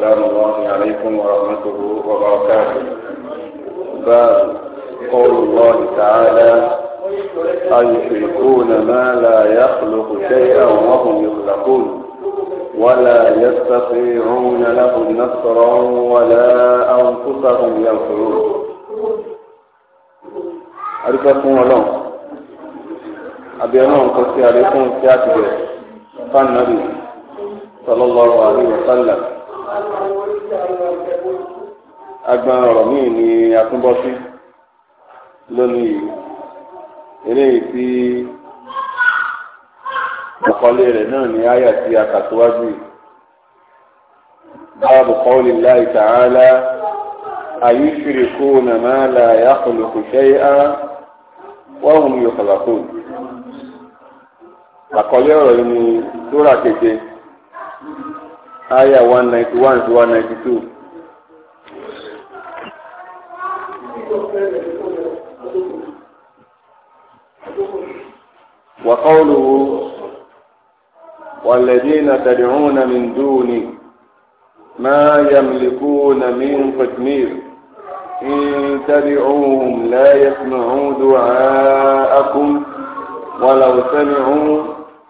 سلام الله عليكم ورحمته وبركاته باب قول الله تعالى أيشركون ما لا يخلق شيئا وهم يخلقون ولا يستطيعون لهم نصرا ولا أنفسهم ينصرون أرجوكم ولو أبي أمام قصي عليكم سياتي فالنبي صلى الله عليه وسلم agbọn ọ̀rọ̀ míì ni atúnbọ́sí lónìí yìí eléyìí tí àkọlé rẹ̀ náà ni àyà tí a kà síwájú yìí báàbù kọ́ọ̀lì láì tààlà ayúṣirikúnà máa la yàkùlùkù ṣẹ́yà wọ́n mú yóò kàlàkù. àkọlé ọ̀rọ̀ yìí ni sóra keje àyà one ninety one وقوله والذين تدعون من دوني ما يملكون من قدمير إن تدعوهم لا يسمعوا دعاءكم ولو سمعوا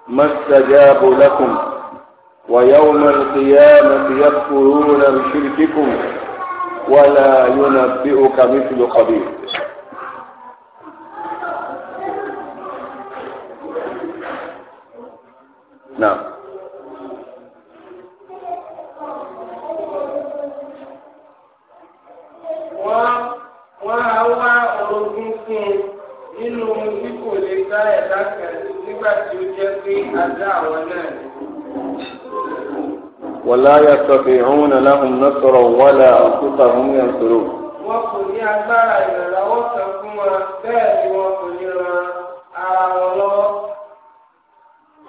ما استجابوا لكم ويوم القيامة يكفرون بشرككم ولا ينبئك مثل خبير náà. wọ́n wọ́n á wá orogún fún un nínú tí kò lè dá ẹ̀dá kan nígbà tí ó jẹ́ pé ajá àwọn náà ni. ولا يستطيعون لهم نصرا ولا أنفسهم ينصرون. wọ́n kò ní agbára ìrànlọ́wọ́ kan fún wa bẹ́ẹ̀ ni wọ́n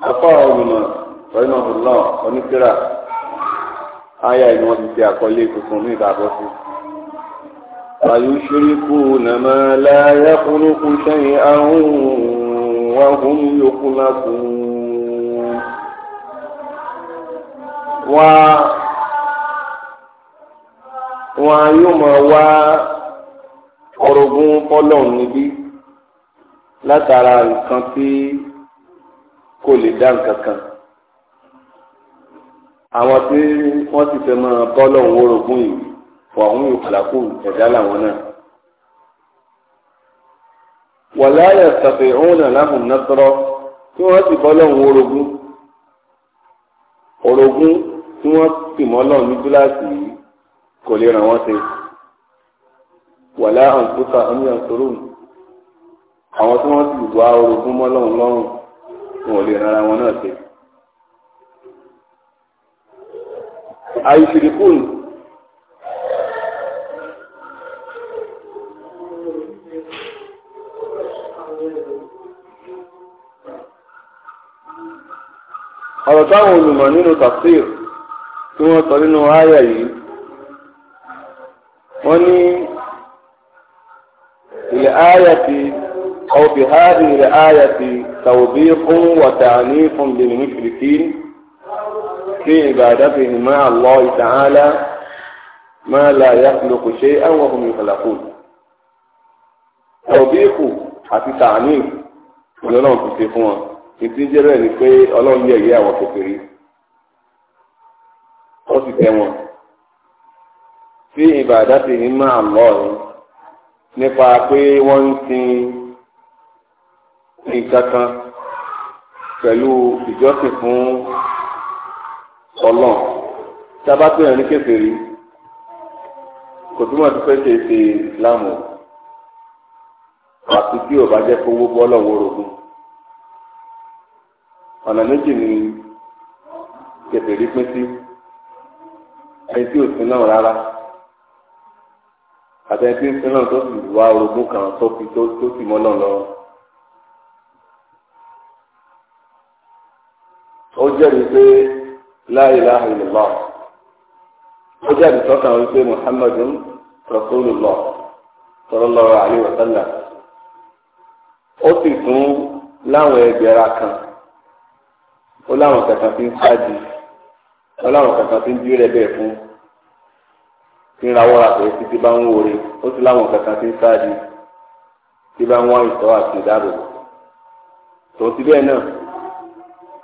apá olùmọ̀ sọ́yìnà ọ̀nà oníkírà ayé ni wọ́n ti ṣe àkọlé tuntun ní ìdàbọ̀ sí. ويشركون ما لا يخلق شيئا وهم يخلقون wá wọn yóò máa wá orogún fọlọ́run níbí látara nǹkan tí kò lè dá nǹkan kan àwọn tí wọ́n ti fẹ́ máa bọ́ lọ́hùn orogún yìí fọ àwọn ìkàlàkù ẹ̀dá làwọn náà. wàlá yàtọ̀fẹ̀ òun náà láhùn násọ̀rọ̀ tí wọ́n ti bọ́ lọ́hùn orogún orogún tí wọ́n ti mọ́ lọ́hùn ní gíláàsì yìí kò lè ràn wọ́n ṣe wàlá àǹkúta oníyàntòrò àwọn tí wọ́n ti wá orogún mọ́ lọ́hùn lọ́rùn wọn ò lè rárá wọn náà ṣe. àìsìrìkùn ọ̀rọ̀ táwọn olùmọ̀ nínú tafsir tí wọ́n sọ nínú àyà yìí wọ́n ní ilẹ̀ àyà ti. أو في هذه الآية توبيخ وتعنيف للمشركين في عبادتهم مع الله تعالى ما لا يخلق شيئا وهم يخلقون توبيخ àti tààní ọlọ́run ti ṣe fún wọn ètí jẹ́rẹ́ ni pé ọlọ́run yẹ ìyá àwọn kékeré ó sì tẹ́ wọn sí ìbàdàn ti ní máa lọ́ọ̀rùn nípa pé wọ́n ń sin nǹkan kan pẹ̀lú ìjọsìn fún ọlọ́run tí a bá pè yàn ní kèfèrí kò túmọ̀ sí pé ṣe ṣe ìsìláàmù àti tí ò bá jẹ́ kó wó bọ́ lọ́wọ́ orogún ọ̀nà méjì ni kèfèrí pín sí ẹni tí ò sí náà rárá àtẹni tí ń sin náà tó sì wá orogún kan tó fi tó sì mọ́ náà lọ́wọ́. jẹ́rìí pé la ilaha ó jẹ́rìí sọ́kàn wípé muhammadun rasulullah sallallahu alaihi wa o ó sì tún láwọn kan ó láwọn kankan ti ń ṣáàjì ó láwọn kankan ti ń bí rẹ̀ bẹ́ẹ̀ fún tí ń rawọ́ ra pé títí bá ń wọlé ó sì láwọn kankan ti ń tí bá ń wá ìtọ́ àti ìdáàbòbò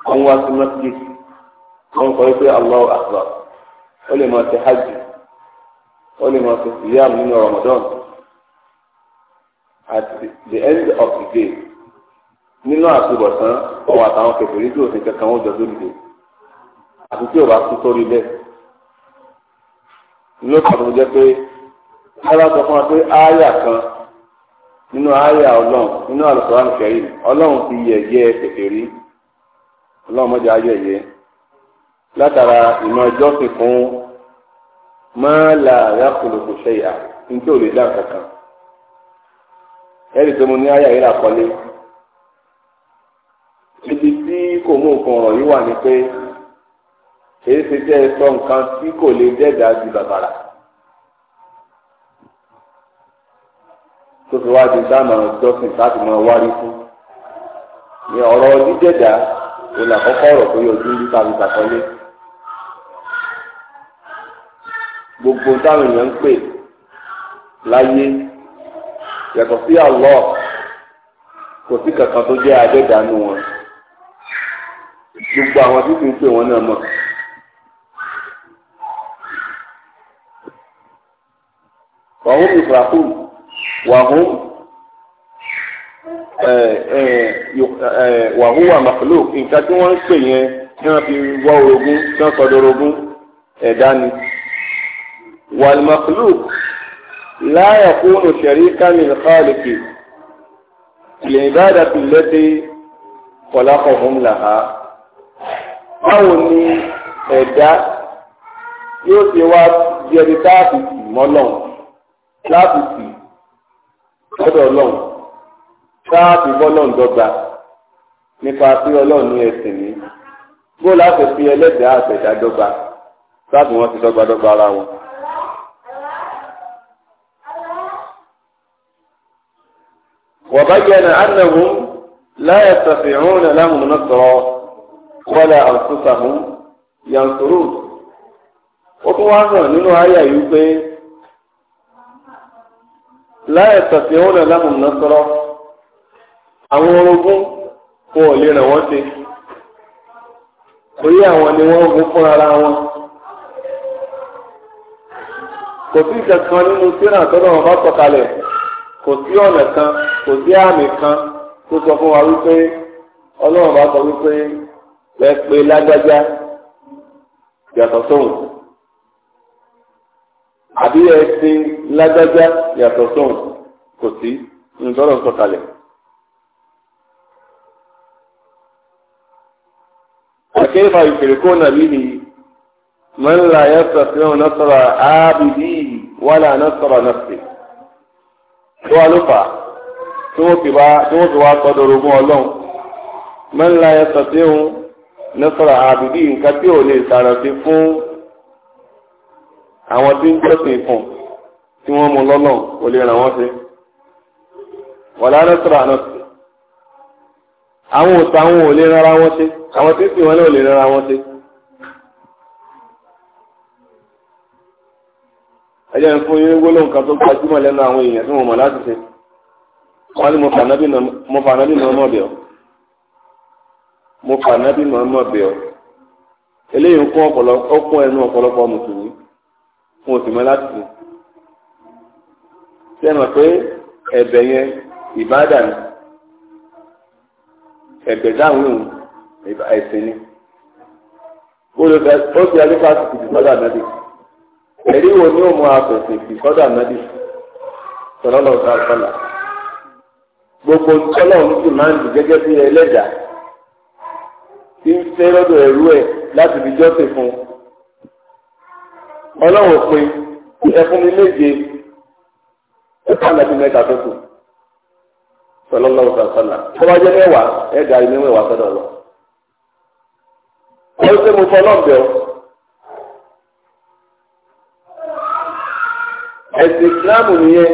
wọ́n wá sí masjid wọ́n kọ́ wípé Allahu akbar ó lè máa ṣe hajj ó lè máa ṣe siyam nínú Ramadan at the end of the day nínú àtúbọ̀tán ọ̀wọ̀ àtàwọn kẹfìrí tí òsì kankan wọ́n jọ lóde àti tí ò bá kú sórí bẹ́ẹ̀ ló kàdùn jẹ́ pé sábà sọ fún wa pé ááyà kan nínú ááyà ọlọ́run nínú àlùkò àlùkò yìí ọlọ́run ti yẹ̀yẹ́ kẹfìrí ọlọ́mọdé ayẹyẹ látara ìmọ̀ ìjọsìn fún mọ́ọ́lá ayákòlòkò ṣẹ̀yà nítorí ò lè dá kankan ẹ̀rí tó mo ní ayé àyè làkọ́lé ibi tí kò mú nǹkan ọ̀rọ̀ yìí wà ní pé èyí ti jẹ́ sọ nǹkan tí kò lè dẹ́gbàá di bàbàrà. tó fi wá di dáná ìjọsìn láti máa wárí fún ní ọ̀rọ̀ dídẹ̀dá olè àkọ́kọ́ ọ̀rọ̀ pé ojú ń bí tàbí tàkọ́lé gbogbo táwọn èèyàn ń pè láyé yàtọ̀ sí àlọ́ kò sí kankan tó jẹ́ adẹ́dàánú wọn gbogbo àwọn tí kì í pè wọn náà mọ̀. wàhùn ìfàkùn wàhùn wàhúwà makhluk nǹkan tí wọ́n ń pè yẹn tí wọ́n fi wá orogún tí wọ́n sọdọ̀ orogún ẹ̀dá ni. wal makhluk la yakunu sharikan lil khaliq lè dáadáa fi lẹ́tẹ̀ khalaqahum laha. báwo ni ẹ̀dá yóò ṣe wá jẹ́rìí táàbù mọ́ lọ́hùn táàbù sí ọ̀dọ̀ sáàbì bọ́lọ̀ ń dọ́gba nípa pé ọlọ́run ní ẹsìn ní bó láti fi ẹlẹ́dàá àtẹ̀dá dọ́gba sáàbì wọn ti dọ́gba dọ́gba ara wọn. وبين أنهم لا يستطيعون لهم نصرا ولا أنفسهم ينصرون ó tún wá hàn nínú àyà yìí pé لا يستطيعون لهم نصرا àwọn ogun wọn ò lè ràn wọ́n ṣe orí àwọn ni wọ́n mú fún ara wọn kò sí ìkẹ̀kan nínú síra wọn bá sọ̀kalẹ̀ kò sí ọ̀nà kan kò sí àmì kan tó sọ fún wa wípé ọlọ́run bá sọ wípé pé lágbájá yàtọ̀ sóhun àbí ẹ sin lágbájá yàtọ̀ فكيف يشركون به من لا يستطيع نصر عابده ولا نصر نفسه tó alófà tí wọ́n fi wá sọ́dọ̀rọ̀ mọ́ ọlọ́run من لا يستطيع نصر عابده nǹkan tí ò lè sàrànfi fún àwọn tí ń jọ́sìn fún tí wọ́n mú lọ́nà ò lè ràn wọ́n sí wala nasra nafsi. àwọn òtò àwọn ò lè rárá wọn ṣe àwọn tí ń sìn wọn náà ò lè rárá wọn ṣe. ẹjẹ ń fún yín gbólóhùn kan tó gbajúmọ̀ lẹ́nu àwọn èèyàn tí wọ́n láti ṣe wọ́n ni mo fà nábì nà ọmọ bẹ̀ mo fà nábì ẹ̀gbẹ́ dáhùn ìhùn ẹ̀sìn ni ó lè fẹ́ ó fi ẹni fásitì wo ni ó mú afẹ̀sìn ti gbogbo ìtọ́lọ́run sì máa ń dì gẹ́gẹ́ bí ẹlẹ́dàá tí ń fẹ́ lọ́dọ̀ ẹ̀rú ẹ̀ láti fi jọ́sìn fún ọlọ́run pé ẹ fún mi méje ó sọlọ́lọ́ sọ̀sọ́là tó bá jẹ́ mẹ́wàá ẹ̀ ilé mẹ́wàá sọ́dọ̀ lọ. wọ́n ṣe mo fọlọ́ bẹ̀ ọ́. ẹ̀sìn ìsìláàmù nìyẹn.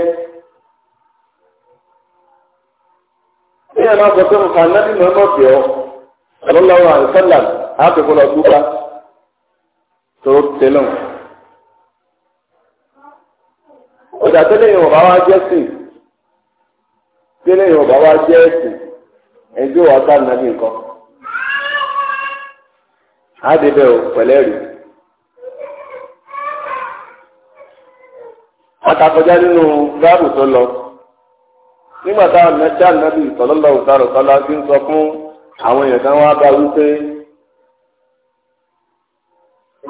ní ẹ̀ máa sọ bẹ̀ ọ́ i. tẹ́lẹ̀ yóò wá jẹ́ ẹ̀sìn ẹjọ́ wa ká nàbí nǹkan á dé bẹ́ẹ̀ rí. àtàkọjá nínú gáàbù tó lọ nígbà táwọn mẹ́ta nàbí ìtọ́lọ́lọ́ òtárọ̀ tọ́lá ti ń sọ fún àwọn èèyàn kan wá bá wípé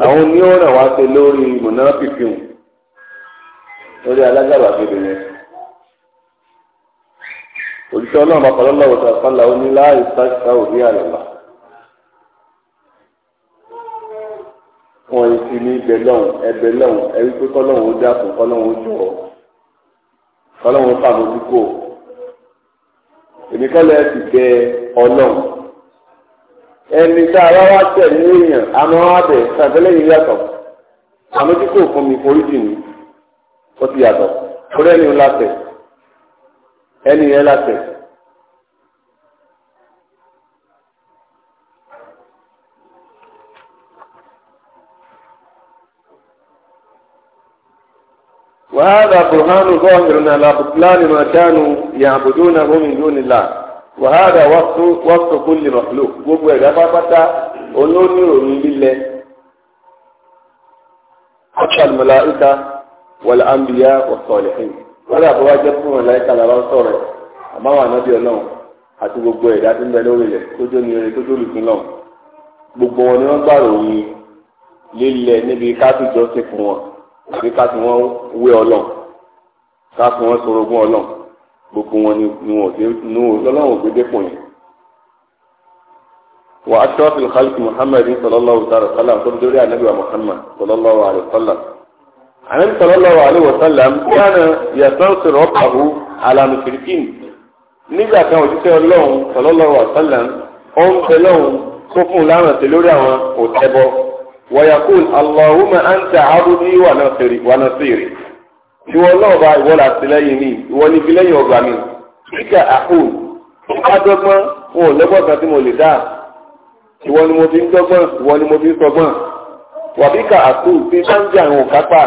àwọn wá ṣe lórí mọ̀nà lórí òṣìṣẹ́ ọlọ́run bá kọ́lọ́ lọ́wọ́ sàkálà ó ní láì sáṣà òbí àlọ́lá wọn ti ní ibẹ̀ lọ́hùn ẹbẹ̀ lọ́hùn ẹbí pé kọ́lọ́hùn ó dákun kọ́lọ́hùn ó jọ̀ọ́ kọ́lọ́hùn ó fàmójúkò èmi kọ́lọ́ ẹ ti bẹ ọlọ́run ẹni tá a wá wá tẹ̀ ní èèyàn àmọ́ àbẹ̀ sàtẹ́lẹ̀ yìí yàtọ̀ àmójúkò fún mi foríjì ni ó ti yàtọ̀ kúrẹ́ni ńlá tẹ̀ ẹni yẹn la وهذا برهان ظاهر على بطلان ما كانوا يعبدونه من دون الله وهذا وصف وصف كل مخلوق gbogbo ẹ̀dá pápátá olóní òní lílẹ̀ ọ̀ṣàl mọ̀láìka wọ̀lẹ̀ àmbíyá ọ̀sọ̀lẹ̀hìn wọ́n dà bó wá jẹ́ fún mọ̀láìka lára àti gbogbo ẹ̀dá tó ń bẹ lórí rẹ̀ tó tó tóbi fún gbogbo wọn ni wọ́n gbàrò lílẹ̀ níbi ká tó jọ sí fún wọn. àbí ká fi wọn wé ọlọ́run ká fi wọn sorogún ọlọ́run gbogbo wọn ni wọn ò sí nu ọlọ́run ògbé dépò yẹn. wà á ṣọ́ fi xaliki muhammed sallallahu alayhi wa sallam tó dórí anabi wa muhammad sallallahu alayhi wa sallam. anabi sallallahu alayhi wa sallam yánà yàtọ̀ sọ̀rọ̀ pàrọ̀ alamu firikin nígbà kan òṣìṣẹ́ ọlọ́run sallallahu alayhi wa sallam ó ń pẹ́ lọ́run kó fún un láràn sí lórí àwọn òtẹ́bọ. ويقول اللهم أنت عبدي ونصيري ونصيري ìwọ náà bá ìwọ láti lẹ́yìn mi ìwọ ní fi lẹ́yìn ọgbà mi kíkà àkùn adọ́gbọ́n wọn ò lọ́gbọ́n kan tí mo lè dá ìwọ ni mo fi ń dọ́gbọ́n ìwọ ni mo fi ń sọgbọ́n wàbíkà àkùn tí bá ń jẹ àwọn òkápá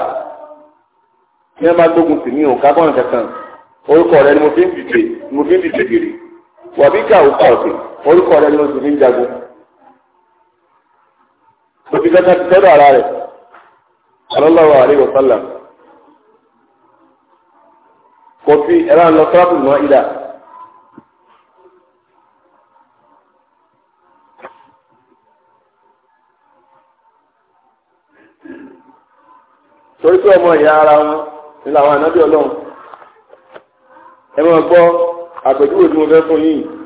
ní ẹ bá gbógun sí mi òkápá kankan orúkọ rẹ ni mo fi ń dìde mo fi ń dìde gèrè wàbíkà òkà ọ̀sìn orúkọ rẹ ni mo sì fi ń jagun kò fi kankan ti tọ́dọ̀ ara rẹ̀ sallallahu alaihi wasallam kò fi ẹ̀rọ lọ sọ́ọ̀bù mọ́ ìdá. torí pé ọmọ ìyá ara wọn ni làwọn ànábì ọlọ́run ẹ máa gbọ́ àpèjúwe tí mo fẹ́ fún yín yìí.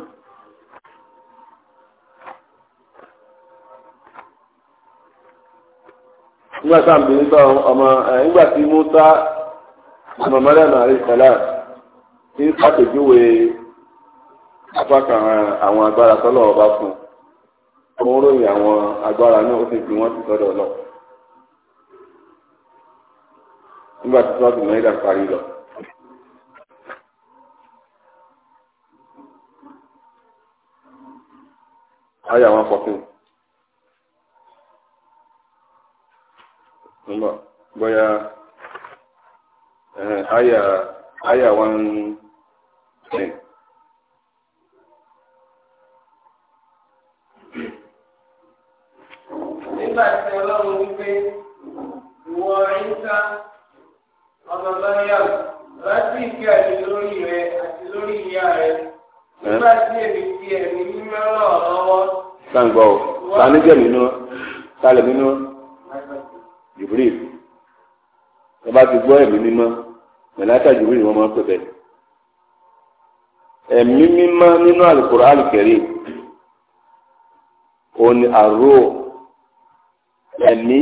nígbà tá à ń bẹ nígbà ọmọ nígbà tí Musa ọmọ Mariam àríṣàlá ti ń pàtẹ́júwe apá kan àwọn agbára tọ́lọ̀ ọba fún un òun ròyìn àwọn agbára náà ó sì fi wọ́n ti sọ́dọ̀ lọ. nígbà tí sọ́ọ̀tù mẹ́ta parí lọ. ayé àwọn afọ́fún. mbọ bóyá àyà àyà one ten. nígbà tí ọlọ́run wípé ìwọ ìta ọmọ lọ́yà láti ìgbé àti lórí rẹ àti lórí ìyá rẹ nígbà tí èmi fi ẹ̀mí mímọ́ ta ní jẹ́ mi nú ta lè Jibril wọ́n bá ti gbọ́ ẹ̀mí mímọ́ mẹ̀láta Jibril wọ́n máa ń pè bẹ́ẹ̀. ẹ̀mí mímọ́ nínú Al-Qur'an Al-Karim òní àrò ẹ̀mí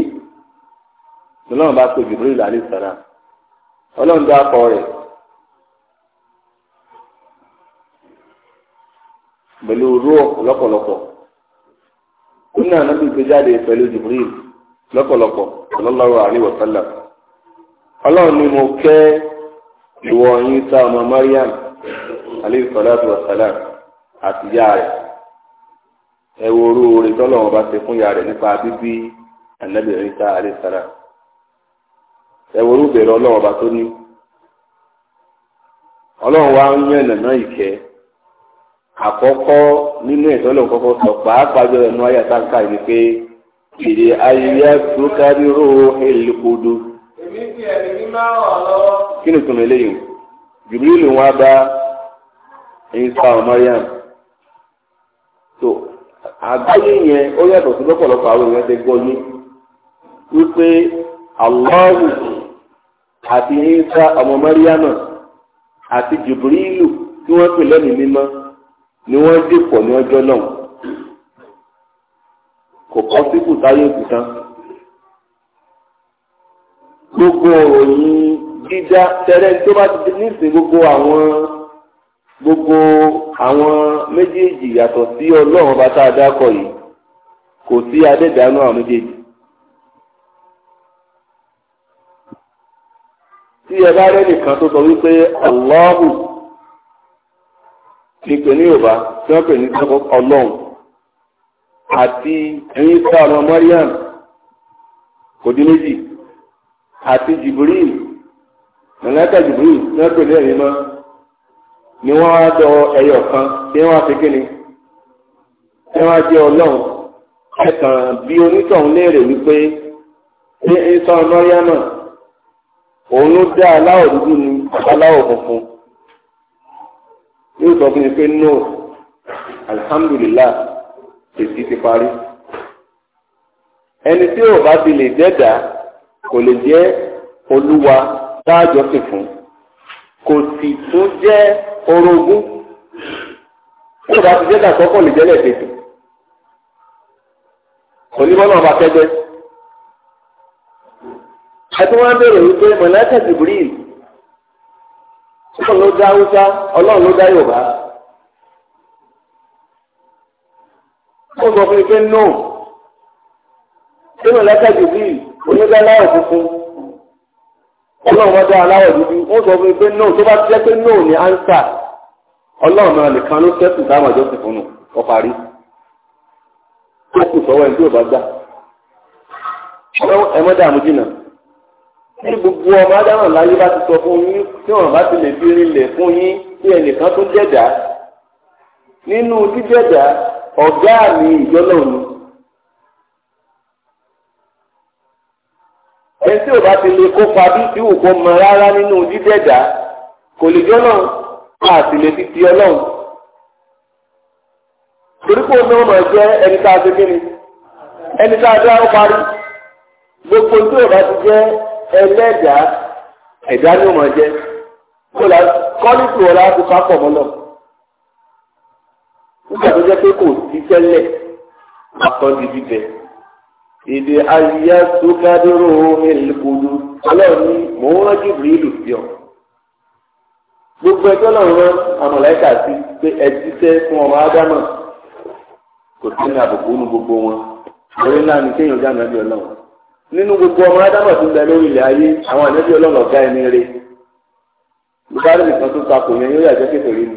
lọ́nà bá pè Jibril alayhi salam ọlọ́run dá akọ rẹ̀ pẹ̀lú rúọ̀ lọ́pọ̀lọpọ̀ kúnà náà bí gbé jáde pẹ̀lú Jibril lọ́pọ̀lọpọ̀ sallallahu alaihi wa sallam ọlọ́run ni mo kẹ́ ìwọ yín sá ọmọ mariam alaihi salatu wa salam àti ìyá rẹ̀ ẹ wo orú orin tọ́lọ́run bá ṣe fún ìyá rẹ̀ nípa bíbí ànábì Ìsá alaihi salam ẹ wo orú bèrè ọlọ́run bá tó ní ọlọ́run wa ń yàn nàná ìkẹ́ àkọ́kọ́ nínú ìtọ́lọ́run kọ́kọ́ sọ pàápàá jọ ẹnu ayé àtàkà yìí pé. Ìdè ayé Bukari Ruhu Elikudu. Èmi ti ẹ̀rí ní máa wà Kí ni wọn bá Ìsá Mariam. So àgbáyé yẹn ó yàtọ̀ sí lọ́pọ̀lọpọ̀ àwọn èèyàn ti gbọ́ wípé àti ọmọ Mariam àti Jùbílù tí wọ́n pè lẹ́nu mímọ́ ni wọ́n dìpọ̀ ní ọjọ́ náà. kò kọ́ síkù gbogbo òròyìn dídá tẹ́lẹ̀ tó bá ti nísìn gbogbo àwọn gbogbo àwọn méjèèjì yàtọ̀ sí ọlọ́run bá tá a dákọ̀ yìí kò sí adẹ́dàánú àwọn méjèèjì. tí ẹ bá nìkan tó sọ wípé ọlọ́run ní pè ní Yorùbá àti ẹ̀yìn sá ọmọ Mariam kò dín méjì àti Jibril mọ̀lẹ́kà Jibril ní wọ́n pèlè ẹ̀yìn mọ́ ni wọ́n á dọ ẹyọ kan tí wọ́n á fi kíni tí wọ́n á jẹ́ ọlọ́run ẹ̀kan bí onítọ̀hún léèrè wípé ṣé ẹ̀yìn sá ọmọ Mariam náà òun ló dá aláwọ̀ dúdú ni aláwọ̀ funfun yóò sọ fún mi pé no alihamudulilayi èsì ti parí ẹni tí ò bá ti lè jẹ́dà kò lè jẹ́ olúwa dáàjọ́ sì fún kò sì tún jẹ́ orogún tí ò bá ti jẹ́dà kọ́kọ́ lè jẹ́lẹ̀ tètè onímọ̀nà ọba kẹgbẹ́ ẹtí wọn bèrè wípé mọ̀lẹ́kẹ̀ jibril ọlọ́run ló dá haúsá ọlọ́run ló dá yorùbá. ó sọ fún ike nù nínú lẹ́kẹ̀jù bíi onígbà láwọ̀ funfun ọlọ́run wọn dá aláwọ̀ dúdú ó sọ fún ike nù tó bá jẹ́ pé nù ní ánsà ọlọ́run náà nìkan ló tẹ́sù táwọn àjọ sì fún un ọ parí ó kù sọ́wọ́ ẹni tí ò bá gbà ẹ mọ́ dààmú jìnnà ní gbogbo ọmọ adáhùn láyé bá ti sọ fún yín tí wọn bá ti lè fi rinlẹ̀ fún yín tí ẹnìkan tó jẹ̀dá nínú jíjẹ̀dá ọ̀gá mi ìjọ́lọ̀ mi. ẹni tí ò bá ti lè kópa bí tí òkò mọ rárá nínú dídẹ̀dá kò lè jọ́lọ̀ àti lè fi ti ọlọ́run. torí pé ọmọ jẹ́ ẹni tá a ṣe kí ni ẹni tá a dá ó parí gbogbo tí ò bá ti jẹ́ ẹlẹ́dàá ẹ̀dá ni ó mọ̀ jẹ́ kọ́lí tí wọ́n láti mọ́ náà nígbà tó jẹ́ pé kò sí tẹ́lẹ̀ àtọ́jú bíbẹ. èdè àyíyá tó kádúró ẹlẹ́kọ̀ọ́dù ọlọ́run ní mò ń rántí bìrìlù sí ọ. gbogbo ẹjọ́ náà rán àmọ̀lẹ́kà sí pé ẹ jíṣẹ́ fún ọmọ ádámà kò sí ní àbùkù nu gbogbo wọn orí náà ní kéèyàn já nàbí ọlọ́run nínú gbogbo ọmọ ádámà tó ń bẹ lórí ilẹ̀ ayé àwọn ànábì ọlọ́run ọ̀gá ẹni rè lùbárẹ̀ nìkan tó takò yẹn yóò yà kékeré ni.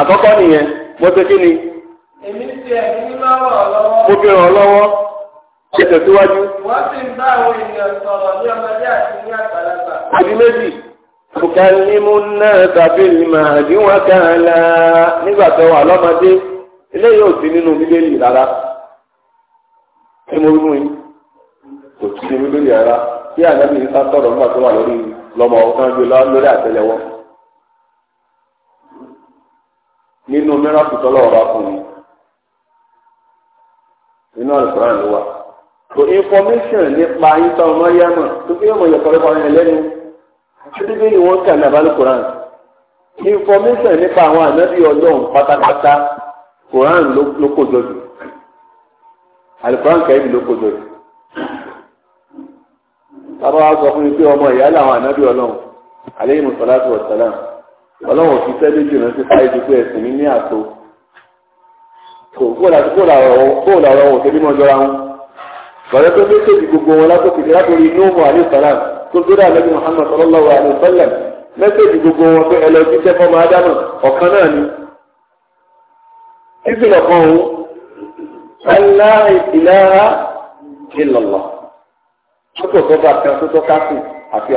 àkọ́kọ́ nìyẹn mo ṣe kí ni. èmi ti ẹ̀mí lọ́wọ́ lọ́wọ́. mo fi ràn ọ́ lọ́wọ́ ṣe tẹ̀síwájú. wọ́n sì ń bá àwọn èèyàn sọ̀rọ̀ ní ọmọdé àti ní àgbàlagbà. àbí méjì. Bùkálímù náà tàbí màdí wọn kàn án la nígbà tó wà lọ́mọdé eléyìí ò sí nínú bíbélì rárá. Ṣé mo rí yín? Kò sí bíbélì rárá. Bí àná mi ń sá sọ̀rọ̀ nígbà tó wà lórí lọ́mọ ọ̀kan gbé lórí àtẹ́lẹwọ́. nínú mìíràn tọ́lọ̀ ọba fún mi nínú àlùkòrán ló wà. tó information nípa yín tọ́ ọmọ yá mọ̀ tó fi yóò mọ̀ yẹ kọ́lẹ́kọ́ yẹn lẹ́nu síbí ni wọ́n kà ní àbálùkòrán information nípa àwọn ànábì ọlọ́run pátápátá kòrán ló kó jọ jù àlùkòrán kẹ́yìn ló kó jọ jù. tábà wá sọ fún mi pé ọmọ ìyá làwọn ànábì ọlọ́run alayhi salatu wa salam. ọlọ́wọ̀n ti fẹ́ lójú ìrántí fáyé ju pé ẹ̀sìn mi ní àtò bóòlù àwọn ohun tẹ́lẹ̀ mọ́ jọra wọn bàbá tó méjèèjì gbogbo wọn látòkè látòrí nóòmù àlùsàlám tó dúró àlẹ́bí gbogbo wọn pé ọ̀kan náà ni. títí lọ́kàn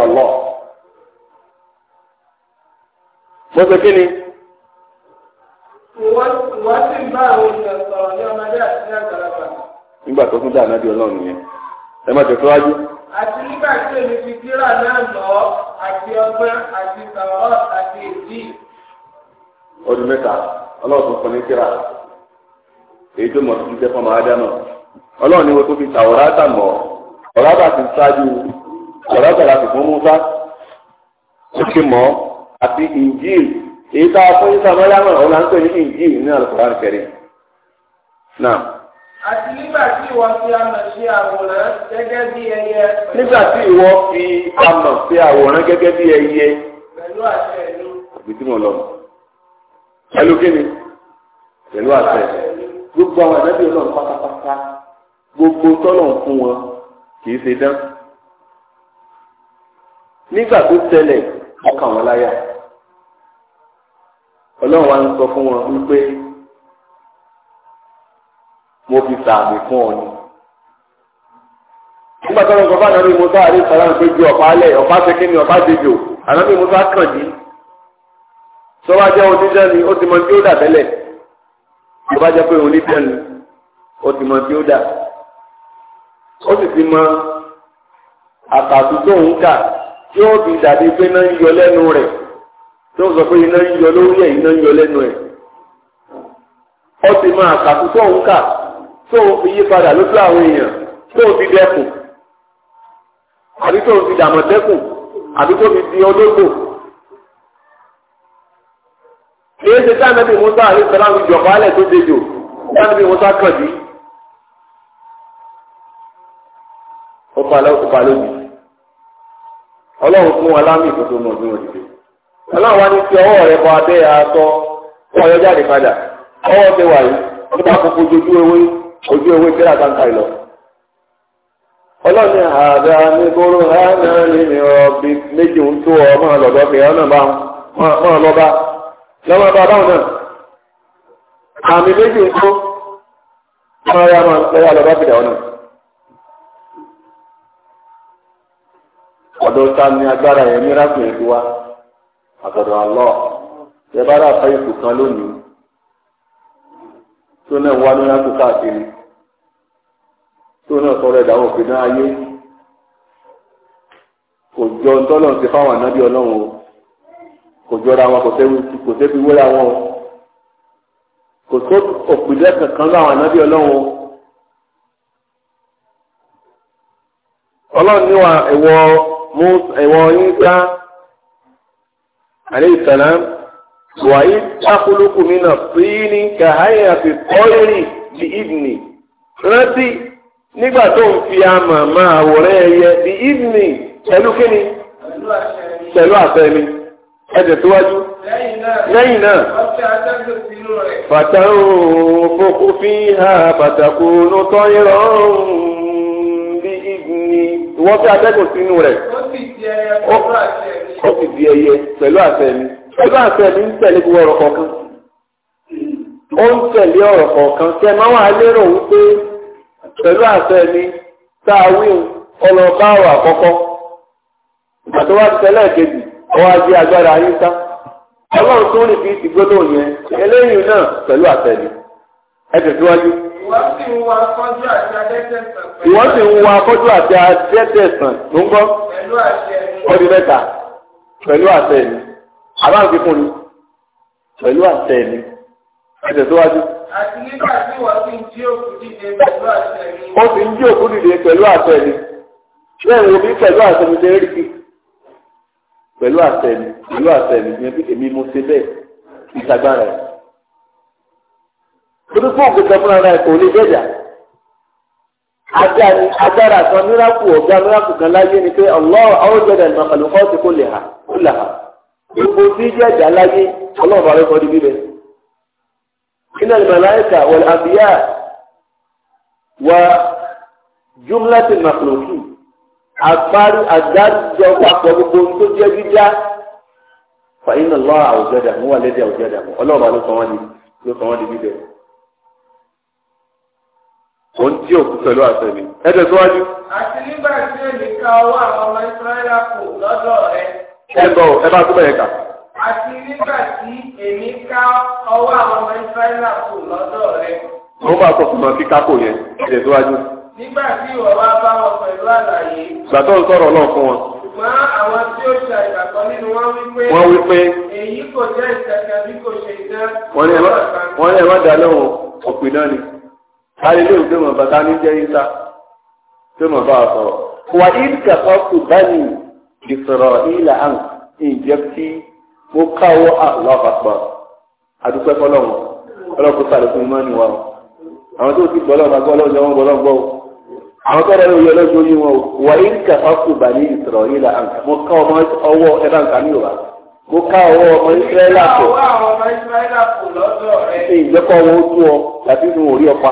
òun mo ṣe kí ni. wọ́n sì ń bá àwọn èèyàn sọ̀rọ̀ ní ọmọdé àti ní àgbàlagbà. nígbà tó tún dà náà ọlọ́run yẹn ẹ má tẹ̀síwájú. àti nígbà tí èmi fi kíra náà lọ àti ọgbẹ́ àti sàwọ́ àti èdè. ọdún mẹ́ta ọlọ́run tó fún ní kíra èyí tó mọ̀ sí jẹ́ fọmọ ajá náà ọlọ́run ni wọ́n tó fi àti injil èyí tá a fún isa mọ́lámọ̀ ọ̀la ń pè ní injil ní alukóran kẹrin náà. àti nígbà tí ìwọ fi amọ̀ sí àwòrán gẹ́gẹ́ bí ẹyẹ. nígbà tí ìwọ fi amọ̀ sí àwòrán gẹ́gẹ́ bí ẹyẹ. pẹ̀lú àṣẹ ìlú. àbí tí mo lọ mọ̀. pẹ̀lú kíni pẹ̀lú àṣẹ gbogbo àwọn ẹ̀dá bí ọlọ́run pátápátá gbogbo tọ́lọ̀ ń fún wọn kì í ṣe dán nígbà tó tẹlẹ̀ ọkàn wọn láyà ọlọ́run wa ń sọ fún wọn wípé mo fi sàmì fún ọ ni. nígbà tó ń sọ fún ànábì musa àrí ìsọ̀rọ̀ ń pé ju ọ̀pá alẹ̀ ọ̀pá sekínì ọ̀pá dèjò ànábì musa kàn yí. sọ́wọ́ ajẹ́ oníṣẹ́ ni ó ti mọ tí ó dà tẹ́lẹ̀ tó bá jẹ́ pé oníṣẹ́ ni ó ti mọ tí ó dà. ó sì ti mọ àtàtú tó ń kà tí ó fi dàbí pé náà ń yọ lẹ́nu rẹ̀ tó ń sọ pé iná ń yọ lórí ẹ̀ iná ń yọ lẹ́nu ẹ̀ ọ ti máa kàkú tó ń kà tó ń fi yí padà àwọn èèyàn tó ń fi àbí tó ń fi àbí tó fi di ológbò èyí ṣe táwọn ẹbí musa àti ìjọba alẹ tó dejò táwọn ẹbí musa kàn sí. ó pa lóbi ọlọ́run fún wa lámì ìfọ̀tò mọ̀ bí wọ́n ti dé. aláwọ̀ ni ti ọwọ́ rẹ̀ bọ abẹ́ aṣọ fún ọyọ́ jáde padà ọwọ́ ti wà yìí tó bá ojú ewé ojú ewé kíra kankan ìlọ. ọlọ́ni àdá ní kóró hánà ní ní ọbí méjì ń tó ọ máa bá máa lọ bá lọ́wọ́ bá báwọn náà. àmì méjì ń tó máa yá máa ta àtọ̀dọ̀ àlọ́ ẹ bá rà fẹ́ kan lónìí tó náà wá ní láti káàkiri tó náà sọ̀rọ̀ ẹ̀dá òfin náà ayé kò jọ ntọ́lọ̀ ti fáwọn ànábì ọlọ́run o kò jọra kò wéra wọn alayhi salam wa id akhluqu min at-tini ka hay'ati at-tayri bi idni rántí nígbà tó ń fi àmà máa wọ̀rẹ́ ẹyẹ bi idni pẹ̀lú kíni pẹ̀lú àfẹ́ mi ẹ̀jẹ̀ síwájú lẹ́yìn náà fàtàkùn fòkú fi hà fàtàkùn tó yẹ bí ìgbìmí ìwọ́n fi atẹ́gùn sínú rẹ̀. ó sì jẹ́ ọkọ̀ àti ó sì di ẹyẹ pẹ̀lú àṣẹ mi pẹ̀lú ń tẹ̀lé gbogbo ọ̀rọ̀ kọ̀ọ̀kan ó ń tẹ̀lé ọ̀rọ̀ kọ̀ọ̀kan tẹ máa wà lérò wípé pẹ̀lú àṣẹ mi tá a wí ọlọ́ọ̀bá ọ̀rọ̀ àkọ́kọ́ ti tẹ́lẹ̀ ẹ̀kejì ọwọ́ ajé agbára sá ọlọ́run tó rìn fi yẹn eléyìí náà pẹ̀lú àṣẹ ẹ̀mí àbáǹkì fún mi pẹ̀lú àṣẹ ẹ̀mí ẹ̀sẹ̀ síwájú. àti nígbà tí wọ́n ti ń jí òkú dìde pẹ̀lú àṣẹ ẹ̀mí. ó ti ń jí òkú dìde pẹ̀lú àṣẹ ẹ̀mí bẹ́ẹ̀ wo bí pẹ̀lú àṣẹ mi ṣe rí kí pẹ̀lú àṣẹ ẹ̀mí pẹ̀lú àṣẹ ẹ̀mí yẹn bí èmi mo ṣe bẹ́ẹ̀ ìtagbára ẹ̀. torí fún òkè agbára kan mìíràkù ọ̀gá mìíràkù kan láyé ni pé ọlọ́run àwòjọ́dẹ̀ ìmọ̀kàlùkọ́ ti kó lè hà ó là hà gbogbo tí jẹ́ ẹ̀dá láyé ọlọ́run bá kọ́ di bíbẹ̀. iná ìmọ̀láyíkà wal àbíyá wa jumlati makhluki àgbárí àdájọ papọ̀ gbogbo tó jẹ́ jíjá fa lọ́wọ́ àwòjọ́dẹ̀ mú wà ọlọ́run bá ló ó ń tí òkú pẹ̀lú àṣẹ mi ẹ tẹ̀síwájú. àti nígbà tí ènìkà ọwọ́ àwọn ọmọ ìsírẹ́lá kò lọ́dọ̀ rẹ. ẹ gbọ́ ẹ bá túbọ̀ yẹn kà. àti nígbà tí ènìkà ọwọ́ àwọn ọmọ ìsírẹ́lá kò lọ́dọ̀ rẹ. ó máa kọ fún ọ kí kákò yẹn ẹ tẹ̀síwájú. nígbà tí ìwọ wá bá wọn pẹ̀lú àlàyé. ìgbà tó ń sọ̀rọ̀ ọlọ́run fún wọn ṣùgbọ́n àwọn tí ó ṣe àgbàgbọ́ nínú wọn wípé wọ́n wípé èyí kò jẹ́ ìtẹ̀kẹ́ bí kò ṣe iná. wọ́n ní kárí ló ń gbé mọ̀ bàtà ní jẹ́ yíta gbé mọ̀ bá a sọ̀rọ̀. wà ìdíkà sọ́kù bani Israila àn ìjẹ́ kí mo káwọ́ Allahu Akbar àdúpẹ́ fọlọ́wọ́ ọlọ́kùn sàlẹ̀kùn mọ́ ni wa o àwọn tó ti gbọ́lọ́ máa gbọ́lọ́ jọ wọn gbọ́lọ́ gbọ́ o àwọn tó rẹ̀ yọ lọ́jọ́ yín wọn o wà ìdíkà sọ́kù bani Israila àn mo ká ọwọ́ ẹ mo ká ọwọ́ ọmọ Israẹla pọ̀ ìjẹ́kọ̀ wọn ó ọ tàbí inú orí ọpa.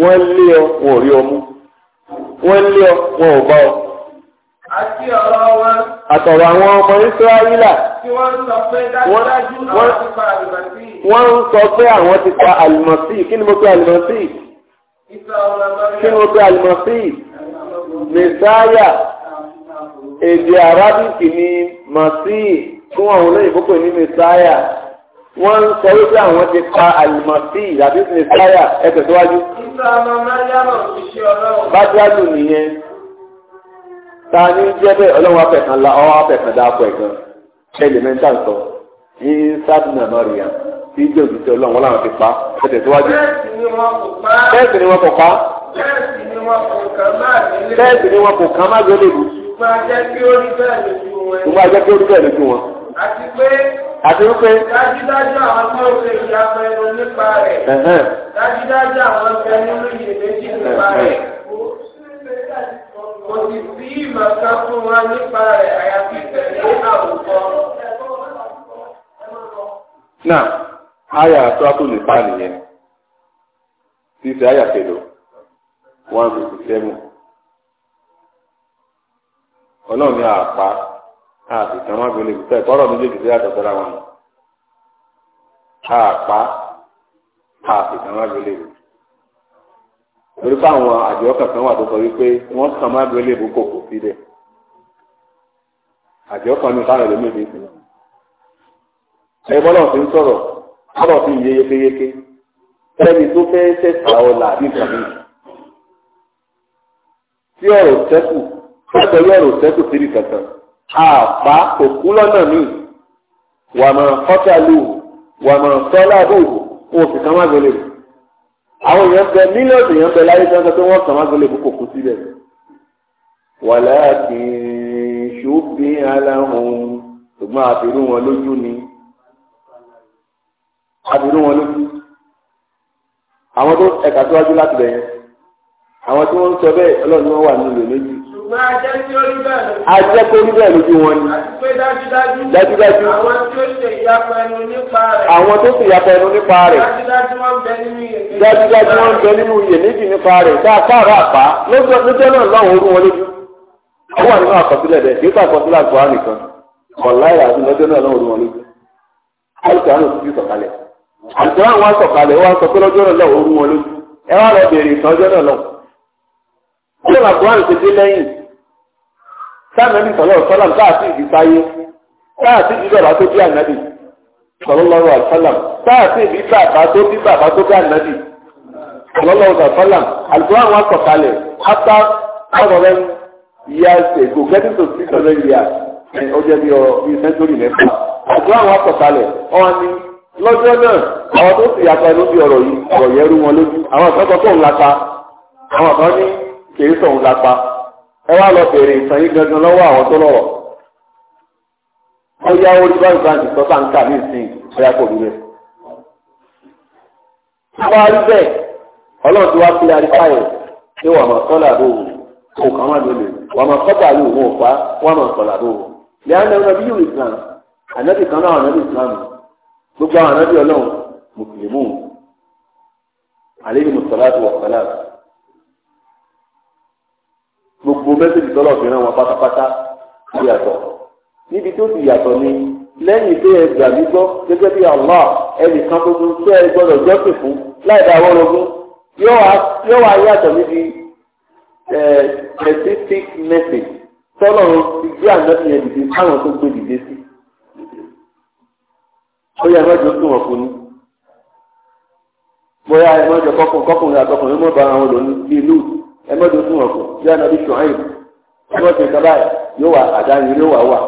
wọ́n lé ọ wọn ò rí ọ mú wọ́n lé ọ wọn ò bá ọ. àti ọ̀rọ̀ wọn. àtọ̀rọ̀ àwọn ọmọ Ísírẹ́lá. tí wọ́n ń sọ pé dájúdájú àwọn ti pa àlùmọ́sí. wọ́n ń sọ pé àwọn ti pa àlùmọ́sí kí ni mo pe àlùmọ́sí. kí ni mo pe àlùmọ́sí. mẹsáyà èdè arábìkì ni màsí fún àwọn olóyìnbó pè ní mẹsáyà wọ́n ń sọ wípé àwọn ti pa àlùmọ̀sí àbí ti sáyà ẹsẹ̀ síwájú. bájáàlù nìyẹn ta ní jẹ́ bẹ́ẹ̀ ọlọ́run afẹ̀kan la ọwọ́ afẹ̀kan dáàpọ̀ ẹ̀gan ẹlẹ́mẹ́ntà sọ ní sádùnà mọ́ríyà tí ìjọ òjútẹ ọlọ́run wọn làwọn ti pa ẹsẹ̀ síwájú. bẹ́ẹ̀sì ni wọn kò pa. bẹ́ẹ̀sì ni wọn kò kàn má gbélébù. ìgbà jẹ́ kí ó rí bẹ́ẹ̀ lójú wọn. àti pé àti wípé. dájúdájú àwọn tó ṣe ìyàpẹ ẹnu nípa rẹ̀. dájúdájú àwọn tó nípa rẹ̀. kò sì sí ìmọ̀ fún wa nípa rẹ̀ àyàfi tẹ̀lé àwùjọ. náà àyà tó a lè pa nìyẹn tí ṣe àyà kẹlò one fifty seven ọlọ́run ní àpá. àti kan má gbélé ìgbésẹ̀ kọ́rọ̀ méjèèjì sí àtọ̀ sọ́ra wọn. àpá àti kan má gbélé ìbò. torí pé àwọn àjọ kankan wà tó sọ wípé wọ́n kàn má gbélé ìbò kò kò sí dẹ̀. àjọ kan ní sáré lómi ìdí ìsìn. ẹ bọ́lá òfin sọ̀rọ̀ sọ̀rọ̀ sí iye yékéyéké. ẹni tó fẹ́ ṣẹ̀ṣà ọ̀la àbí ìtàbí. tí ọ̀rọ̀ sẹ́kù fẹ́ ọ̀rọ̀ sẹ́kù sí ìkankan àpá òkú lọ́nà míì wà máa fọ́tàlù wà máa tọ́lábù òfin kan máa gbélé àwọn èèyàn bẹ mílíọ̀nù èèyàn bẹ láyé sọ́ńtọ́ pé wọ́n kàn máa gbélé kókò kú síbẹ̀ wàláàkìn ṣùgbọ́n aláhùn ṣùgbọ́n àbírú wọn lójú ni àbírú wọn lójú àwọn tó ẹ̀ka tó wájú láti bẹ̀yẹn àwọn tí wọ́n ń sọ bẹ́ẹ̀ ọlọ́run wọn wà nílò méjì máa jẹ́ tí ó rí bẹ́ẹ̀ lójú. àjẹ́ tó rí bẹ́ẹ̀ lójú wọn ni. àti pé dájúdájú. dájúdájú. àwọn tí ó ṣe ìyapa ẹnu nípa rẹ̀. àwọn tó ṣe ìyapa ẹnu nípa rẹ̀. dájúdájú wọn bẹ nínú iyèméjì. dájúdájú wọn bẹ nínú iyèméjì nípa rẹ̀ tá a káàró àpá lọ́jọ́ náà láwọn orú wọn lójú. ó wà nínú àkọsílẹ̀ rẹ̀ kí ó sàkọsílẹ̀ àgbà nìkan ọ̀láyà àti lọ́jọ́ náà láwọn orú wọn lójú. alùpùpù àwọn òṣìṣẹ́ sọ̀kalẹ̀ àlùkòrán wọn sọ̀kalẹ̀ wọn sọ pé lọ́jọ́ náà lọ́wọ́ orú wọn lójú ẹ wá lọ bèèrè ìtàn ọjọ́ náà lọ. ó lè máa gbọ́ àrùn tètè lẹ́yìn sáàmì sọ̀rọ̀ sọ́làm káàsì ìdísáyé káàsì ìdíbàbà tó bí ànábì sọ̀rọ̀lọ́rọ̀ àṣálàm káàsì ìdíbàbà tó bí bàbá tó bí ànábì sọ̀rọ̀lọ́rọ̀ àṣálàm àlùkò àwọn akọ̀kalẹ̀ after ọ̀rọ̀rẹ́ years ago getting to six hundred years ó jẹ́ bí sẹ́ńtórì mẹ́fà àlùkò àwọn akọ̀kalẹ̀ ọ̀hún ni lọ́jọ́ náà àwọn tó sì yàtọ̀ ló bí ọ̀rọ̀ yìí ọ̀rọ̀ yẹn rú wọn lójú àwọn àkọ́kọ́ tó ń lapa àwọn àkọ́ ní kèé ẹ wá lọ bèrè ìtàn yìí gangan lọ́wọ́ àwọn tó lọ́rọ̀ wọ́n yá orí báyìí báńkì tó bá ń kà ní ìsìn ìṣẹ́yà kò rí àwọn arúgbẹ́ ọlọ́run ti wá sí arípáyọ̀ pé wọ́n mọ̀ sọ́là bò kò kàn wá lólè wọ́n mọ̀ sọ́tà ló wọ́n fa wọ́n mọ̀ sọ́là bò ó. lẹ́yìn náà bí yóò Islam ànábì kan náà ànábì Islam gbogbo àwọn ànábì ọlọ́run mùsùlùmù àlejò mùsùlùmù gbogbo mẹ́sẹ̀jì tọ́lọ̀ fi ràn wọn pátápátá ó yàtọ̀ níbi tó ti yàtọ̀ ni lẹ́yìn tó yẹ gbà mí gbọ́ gẹ́gẹ́ bí Allah ẹnìkan gbogbo tó ẹ gbọ́dọ̀ jọ́sìn fún láì dá àwọn ọlọ́gbọ́n yóò wá yàtọ̀ níbi specific message tọ́lọ̀ ti gbé àjọsìn yẹn dìde sáwọn tó gbé dìde sí. ó yẹ mẹ́jọ sùn wọn fún ni bóyá ẹ mẹ́jọ kọkùnrin àtọkùnrin mọ̀ bá àwọn lòún bíi lóòtù ẹ mọ́tò fún ọkọ̀ bí anabi ṣùháyìn bí wọ́n ti ń kaba yóò wà àdáyé yóò wà wà.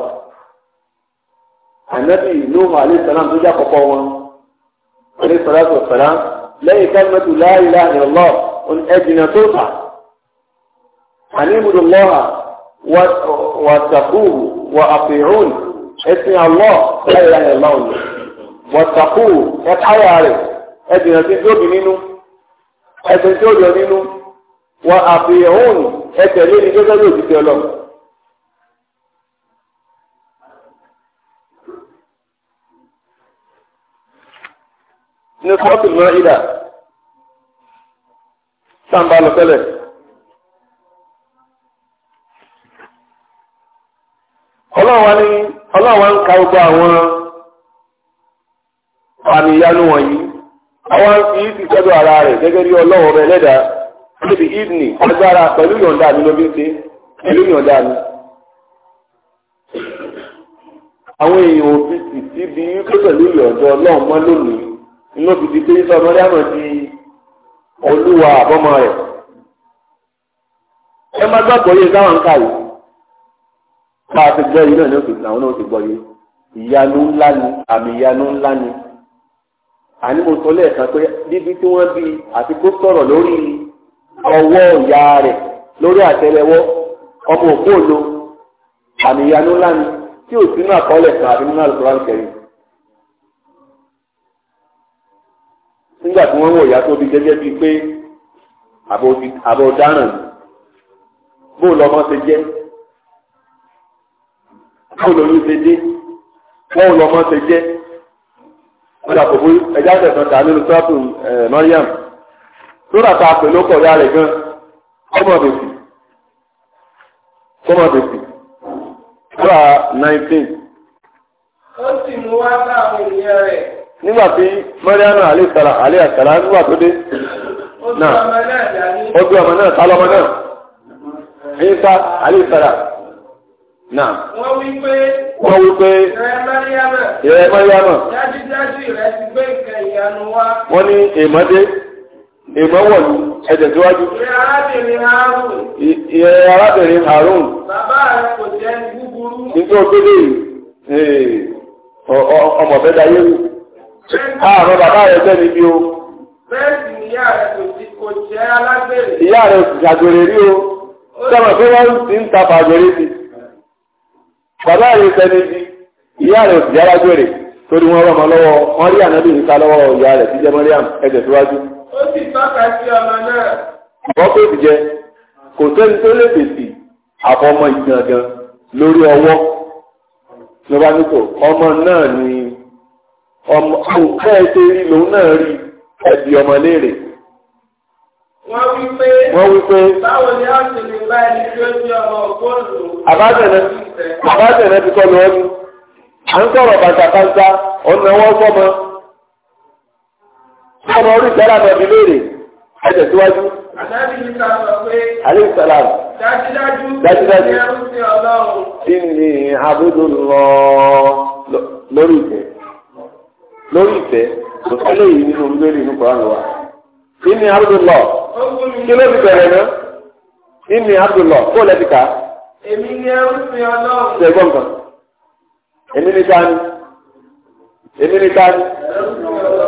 anabi nuhu alayhi salam tó jẹ́ àkọ́kọ́ wọn alayhi salatu wa salam lẹ́yìn kalimatu la ilaha illallah òun ẹ̀jìnà tó fà. àníbùdó lọ́hà wà tàkùrù wà àfihàn ẹ̀sìn àlọ́ la ilaha illallah òun wà tàkùrù ẹ̀káyà rẹ̀ ẹ̀jìnà tí ó bì nínú ẹ̀sìn tí ó yọ nínú. wọ́n àfihàn ẹsẹ̀ lé gẹ́gẹ́ bí òjijì ọlọ́run. ní sọ́ọ̀tù mọ́ ìdá sáǹbà lọ tẹ́lẹ̀. ọlọ́wà ọlọ́wà ń ka gbogbo àwọn àmì ìyanu wọ̀nyí àwọn fi ti ara rẹ̀ gẹ́gẹ́ bí níbi evening agbára pẹ̀lú yọ̀ǹda mi ló bí ń ṣe pẹ̀lú yọ̀ǹda mi. àwọn èèyàn òbí sì ti di wípé pẹ̀lú yọ̀ǹda ọlọ́run mọ́ lónìí inú fi di pé sọ ọmọdé àmọ̀ di olúwa àbọ́mọ rẹ̀. ẹ má gbàgbọ́ yé sáwọn ń kà yìí bá a ti gbọ́ yìí náà ní òkè làwọn náà ti gbọ́ yìí ìyanu ńlá ni àmì ìyanu ńlá ni àní mo sọ lẹ́ẹ̀kan pé níbi tí wọ́n bí àti kó sọ̀rọ̀ lórí ọwọ́ ìyá rẹ̀ lórí àtẹ́lẹwọ́ ọmọ òkú òlo àmì ìyanu ńlá ni tí ò sínú àkọọ́lẹ̀ kan àbí nínú àlùkòrán kẹrin. nígbà tí wọ́n ń wò ìyá tó bí gẹ́gẹ́ bíi pé àbọ̀ ọ̀daràn bó lọ́mọ ṣe jẹ́ bó lóyún ṣe dé bó lọ́mọ ṣe jẹ́ wọ́n dà kò bó ẹja tẹ̀sán tà nínú sọ́ọ̀tù eh, Mariam. sódà tá a pè ya rẹ̀ gan kọ́mọ̀dèsì kọ́mọ̀dèsì sódà 19 ó sì mú wá sáwọn ènìyàn rẹ̀. nígbà tí mọ́ríánù àlẹ́sàlà àlẹ́sàlà nígbà tó dé. náà ó bí ọmọ náà sálọ́mọ náà. Isa àlẹ́sàlà. Náà. Wọ́n wí pé. Wọ́n wí pé. Ìrẹ́ Mọ́ríámà. Ìrẹ́ Mọ́ríámà. Dájúdájú ìrẹsì gbé ìkẹyìn àánú wá. Wọ́n ní dé. èèmọ̀ wọ̀ ní ẹ̀jẹ̀ síwájú. ìyẹn arábìnrin Harun. bàbá rẹ kò jẹ́ búburú. nítorí o tó lè ọmọ fẹ́ dayé wù. Ah, àrùn bàbá rẹ jẹ́ níbi o. bẹ́ẹ̀ ìyá rẹ kò alágbèrè. ìyá rẹ wọ́n ti lọ́wọ́ wọ́n rí ànábì níta lọ́wọ́ ìyá rẹ̀ tí jẹ́ Mọ́ríàm ẹ̀jẹ̀ síwájú ó sì tọ́ka sí ọmọ náà. wọ́n tó ti jẹ kò sẹ́ni tó lè fèsì àfọmọ ìgbìyànjẹ lórí ọwọ́ lọ́ba nítò ọmọ náà ni ọmọ nǹkan ẹ ṣe rí lòun náà rí ẹbí ọmọ léèrè. wọ́n wí pé báwo ni a ṣe lè bá ẹni tí ó ti ọmọ ògbóǹdò. àbájẹ̀nẹ́ àbájẹ̀nẹ́ ti kọ́ lọ́ọ́nù à ń sọ̀rọ̀ bàtàkàtà ọ̀nà wọ́n sọ́mọ ọmọ orí sẹ́lá tọ́bi léèrè ẹ̀jẹ̀ síwájú. Àdájú ní ká sọ pé. Alé ìsàlám. Dájúdájú. Dájúdájú. Ní ẹrú sí ọlọ́run. Kí ni abúlé lọ lórí ìfẹ́? Lórí ìfẹ́, kò sẹ́lẹ̀ yìí nínú lórí inú Kọ́ránù wa. Kí ni abúlé lọ? Kí ló fi bẹ̀rẹ̀ náà? Kí ni abúlé lọ? Kó lẹ́bi ká. Èmi ni ẹrú sí ọlọ́run. Ṣé gbọ́n kan? Èmi ni ta ni? Èmi ni ta ni? Ẹrú sí ọlọ́run.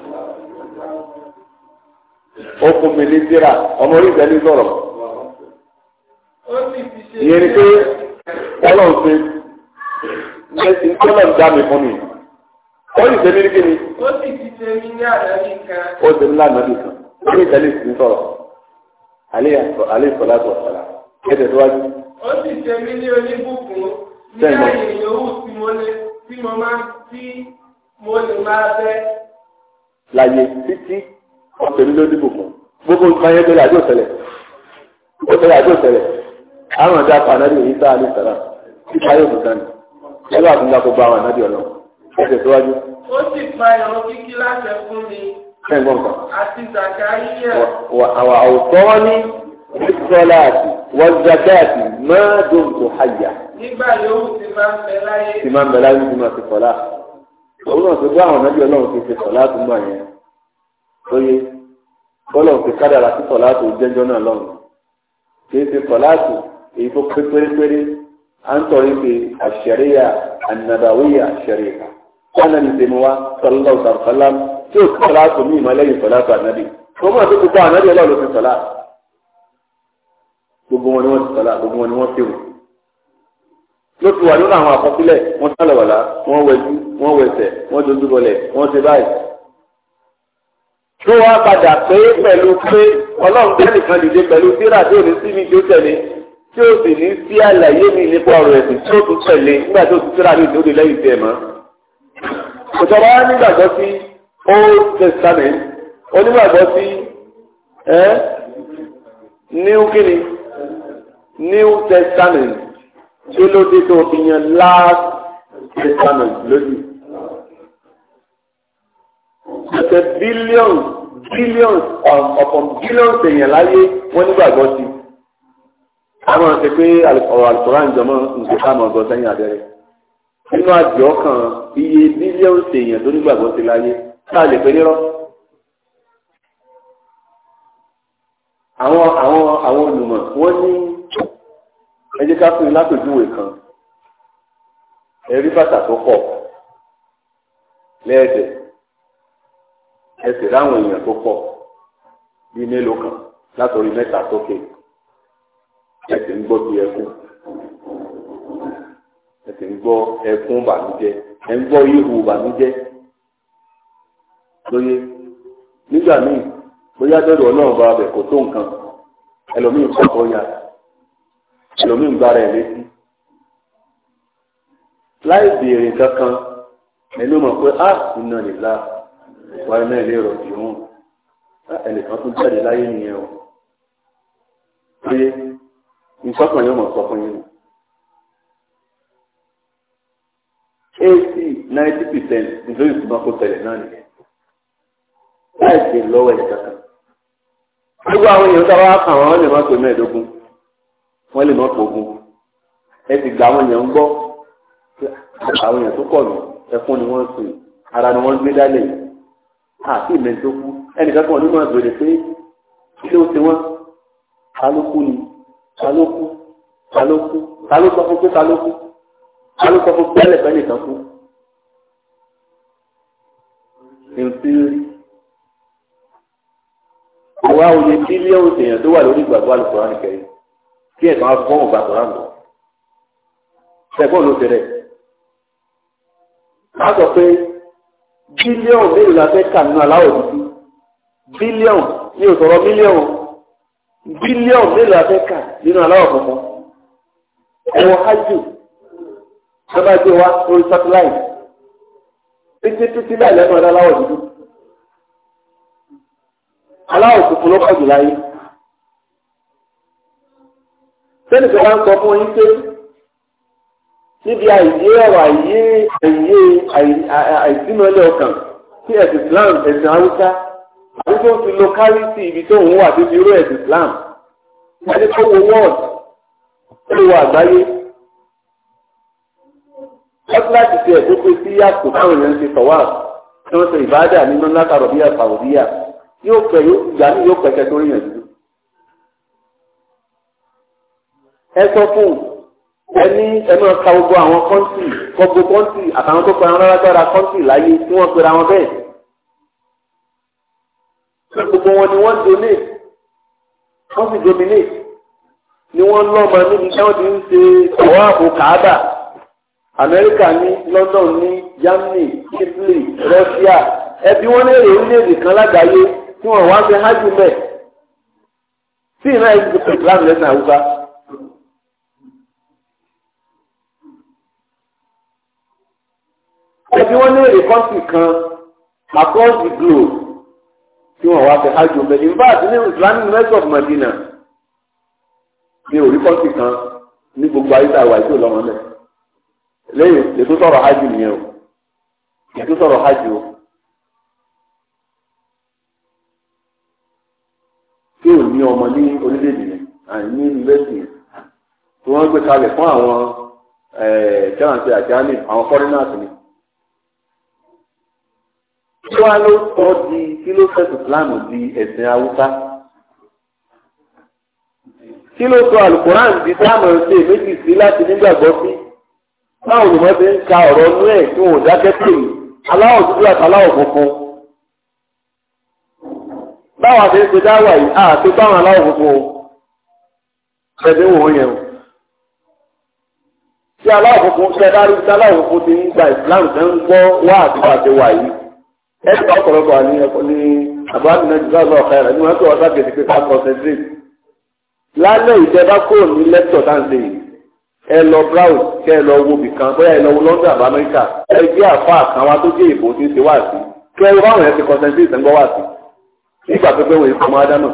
ó fún mi ní síra ọmọ orí ìgbẹ́ni sọ̀rọ̀. ìyẹn ni pé ọlọ́run ṣe mẹ́sì ń tọ́lọ̀ ń dá mi fún mi. ó sì tẹ́mi ní kí ni. ó sì ti tẹ́mi ní àdáni kan. ó sì ń lànà bí kan ó ní ìtẹ́lẹ̀ sí ń sọ̀rọ̀ alẹ́ ìsọ̀lá tó ọ̀sọ̀lá ẹ̀ tẹ̀síwájú. ó sì tẹ́mi ní oníbùkún ní àyè yòówù tí mo lè tí mo máa tí mo lè máa bẹ́. láyé títí ọ̀sẹ̀ mi lóníbùkún gbogbo nǹkan yẹn tẹ̀lé àjò tẹ̀lé ó tẹ̀lé àjò tẹ̀lé àwọn ọ̀dà pàdánù yìí sáà ní sàrà nípa yóò dùn sani ẹgbẹ́ àfúnjá kó bá àwọn ànábì ọ̀nà ẹsẹ̀ síwájú. ó sì pa ìrun kíkí láti fún mi. ẹ̀gbọ́n kan. àti zakariya. àwọn àwòtọ́ ní sọlá àti wọn zakariya àti máa dùn tó hàyà. nígbà yòówù ti máa ń bẹ láyé. ti máa ń bẹ láyé ti máa ti sọlá. òun náà ti bá àwọn ànábì ọlọ́run ti ti sọlá tó máa yẹn bọ́lọ̀ ti kádàrà sí sọ̀láàtù jẹ́jọ́ náà lọ́rùn kìí ṣe sọ̀láàtù èyí tó pé pérépéré à ń tọrí pé àṣẹríyà ànàbàwíyà àṣẹríyà wọn ní tèmi wá sọlọ́ọ̀ sàrùsọ́lá tí ó sọ̀láàtù mí ìmọ̀ lẹ́yìn sọ̀láàtù ànábì tó mọ̀ tó ti kọ́ ànábì ọlọ́run ti sọ̀lá gbogbo wọn ni wọ́n ti sọ̀lá gbogbo wọn ni wọ́n ti wù ló ti wà nínú àwọn àkọsílẹ̀ wọ́n sálọ̀wàlá wọ́n wẹjú wọ́n wẹsẹ̀ wọ́n dojúbọlẹ̀ wọ́n ti báyìí tó wá padà pé pẹ̀lú pé ọlọ́run bẹ́ẹ̀ nìkan dìde pẹ̀lú síra tí ò ní sí mi tí ó tẹ̀lé tí ó sì ní sí àlàyé mi nípa ọ̀rọ̀ ẹ̀sìn tí ó tún tẹ̀lé nígbà tó ti síra ní ìdóde lẹ́yìn tiẹ̀ mọ́. òjọba wa nígbàgbọ́ sí Old Testament onígbàgbọ́ sí New kíni New Testament tí ó lóde tó fi yan Last Testament lójú ẹsẹ̀ billions billions upon billions èèyàn láyé wọ́n nígbàgbọ́ sí àwọn ọ̀sẹ̀ pé ọ̀rọ̀ àlùkòrán jọmọ́ nǹkan táwọn ọ̀gọ́ sẹ́yìn abẹ́rẹ́ nínú àjọ kan iye billions èèyàn tó nígbàgbọ́ sí láyé táà lè pé nírọ́. àwọn àwọn àwọn olùmọ̀ wọ́n ní ẹ jẹ́ ká fún yín lápèjúwe kan ẹ̀rí bàtà tó pọ̀ lẹ́ẹ̀dẹ̀ẹ́ ẹsẹ̀ láwọn èèyàn tó pọ̀ bíi mélòó kan látọ̀rí mẹ́ta sókè ẹsẹ̀ ń gbọ́ bíi ẹkún ẹsẹ̀ ń gbọ́ ẹkún bànújẹ́ ẹ̀ ń gbọ́ ihò bànújẹ́ lóye nígbà míì bóyá dọ́dọ̀ ọlọ́run bá bẹ̀ kó tó nǹkan ẹlòmíì ń pàkọ́ ẹlòmíì ń gbára ẹ̀ létí láì béèrè kankan ẹni mọ̀ pé a ìnáni láà wà ní ilé rọ̀ jù wọn ẹnìkan tún jáde láyé nìyẹn o pé nǹkan kan yóò mọ̀ sọ fún yín eighty ninety percent nítorí ìtumọ̀ kó tẹ̀lé náà nìyẹn láì ṣe lọ́wọ́ ẹ̀ kankan gbogbo àwọn èèyàn tá a wá kàn wọ́n lè má pè mẹ́ẹ̀ẹ́dógún wọ́n lè má pò ogún ẹ ti gba àwọn èèyàn ń gbọ́ àwọn èèyàn tó pọ̀ nù ẹkún ni wọ́n sùn ara ni wọ́n gbé dálé yìí àti ìmẹ̀ntókù ẹnìkan kan nínú àgbèrè pé kí ló ti wọ́n ta ló kú ni ta ló kú ta ló kú ta ló sọ fún pé ta ló kú ta ló sọ fún pé ẹlẹ́fẹ́ nìkan kú. ìrìnsírí ìwà òye bílíọ̀nù èèyàn tó wà lórí ìgbàgbọ́ àlùkòrán nìkẹyìn kí ẹ̀ka wọn fọ́ọ̀mù gbàgbọ́ràn lọ. ṣẹ́gbọ́n ló ti rẹ̀. má sọ pé bílíọ̀nù mélòó la fẹ́ kà nínú aláwọ̀ dúdú bílíọ̀nù mi ò sọ̀rọ̀ mílíọ̀nù bílíọ̀nù mélòó la fẹ́ kà nínú aláwọ̀ funfun ẹ̀wọ̀n hajj sábà gbé wa lórí sátáláìtì títí títí láì lẹ́nu ọ̀dá aláwọ̀ dúdú aláwọ̀ funfun ló pọ̀ jù láyé sẹ́nìkan wá ń sọ fún yín pé níbi àìyé ọ̀rọ̀ àìyé àìyé àìsímọ́lẹ̀ ọkàn sí ẹ̀sìn Islam ẹ̀sìn Haúsá àwọn tó ti lo kárí sí ibi tó ń wà tó ti rú ẹ̀sìn Islam ẹni tó wo world tó wo àgbáyé ọ́tíláàtì ti ẹ̀kọ́ pé sí yàtọ̀ báwọn èèyàn ṣe sọ̀wá tí wọ́n ṣe ìbáàdà nínú látàrọ̀ bí àpàwòdíyà yóò pẹ̀ yóò gbà ní yóò pẹ̀kẹ́ tó ríyàn jù ẹ sọ fún un ẹni ẹ máa ka gbogbo àwọn kọ́ńtì gbogbo kọ́ńtì àtàwọn tó pera wọn lágbára kọ́ńtì láyé tí wọ́n pera wọn bẹ́ẹ̀. ṣé gbogbo wọn ni wọ́n donate wọ́n sì dominate ni wọ́n lọ́mọ níbi tí wọ́n ti ń ṣe ọ̀wá àbò kàádà. Amẹ́ríkà ní London ní Germany Italy Russia ẹbí wọn lè rè orílẹ̀-èdè kan lágbàáyé tí wọ́n wá ń fẹ́ hájú mẹ́ẹ̀. tí ìnáyà ti fi pẹ̀lú àmì lẹ́sìn àwùjọ. ẹbí wọn léèrè kọ́ńtì kan across the globe tí wọn wá fẹ́ hajj mẹ́lì in fact ní islamic university of Medina ní orí kọ́ńtì kan ní gbogbo ayé tá a wà yìí tó lọ́wọ́ mẹ́ lẹ́yìn ètò sọ̀rọ̀ hajj nìyẹn o ètò sọ̀rọ̀ hajj o. tí ò ní ọmọ ní orílẹ̀-èdè yẹn àní yunifásitì yẹn tí wọ́n gbé kalẹ̀ fún àwọn ẹ̀ẹ́dẹ́gbẹ̀rún eh, àti àjáni àwọn foreigners ni kí wàá ló sọ di kí ló sọ ìsìláàmù di ẹ̀sìn haúsá kí ló sọ alukoran di táàmù ṣe méjì sí láti nígbàgbọ́ sí táwọn olùmọ̀ ti ń ka ọ̀rọ̀ inú ẹ̀ tí wọn ò dákẹ́ pè mí aláwọ̀ dúdú àti aláwọ̀ funfun báwa ti ń ṣe dáwà yìí àti báwọn aláwọ̀ funfun ṣẹ̀dẹ̀ wò yẹn o tí aláwọ̀ funfun ṣẹ̀dá rí tí aláwọ̀ funfun ti ń gba ìsìláàmù tẹ́ ń gbọ́ wá àti wàá ti wà ẹ̀ka ọ̀pọ̀lọpọ̀ àní ẹ̀kọ́ ní àbáàdì náà jùlọ àbá ọ̀ka ẹ̀rọ ní wọ́n tó wọ́n sábẹ̀ sí pé ká concentrate. lálẹ́ ìjẹba kò ní lẹ́tọ̀ dáńdé ẹ lọ browse kẹ ẹ lọ wo bìkan bóyá ẹ lọ wo London àbá Amẹ́ríkà ẹ gbé àfa àkàn wa tó jẹ́ ìbò tí ń ṣe wá sí kẹ ẹ báwọn yẹn ti concentrate ń gbọ́ wá sí nígbà tó fẹ́ wọ̀nyí fọmọ adá náà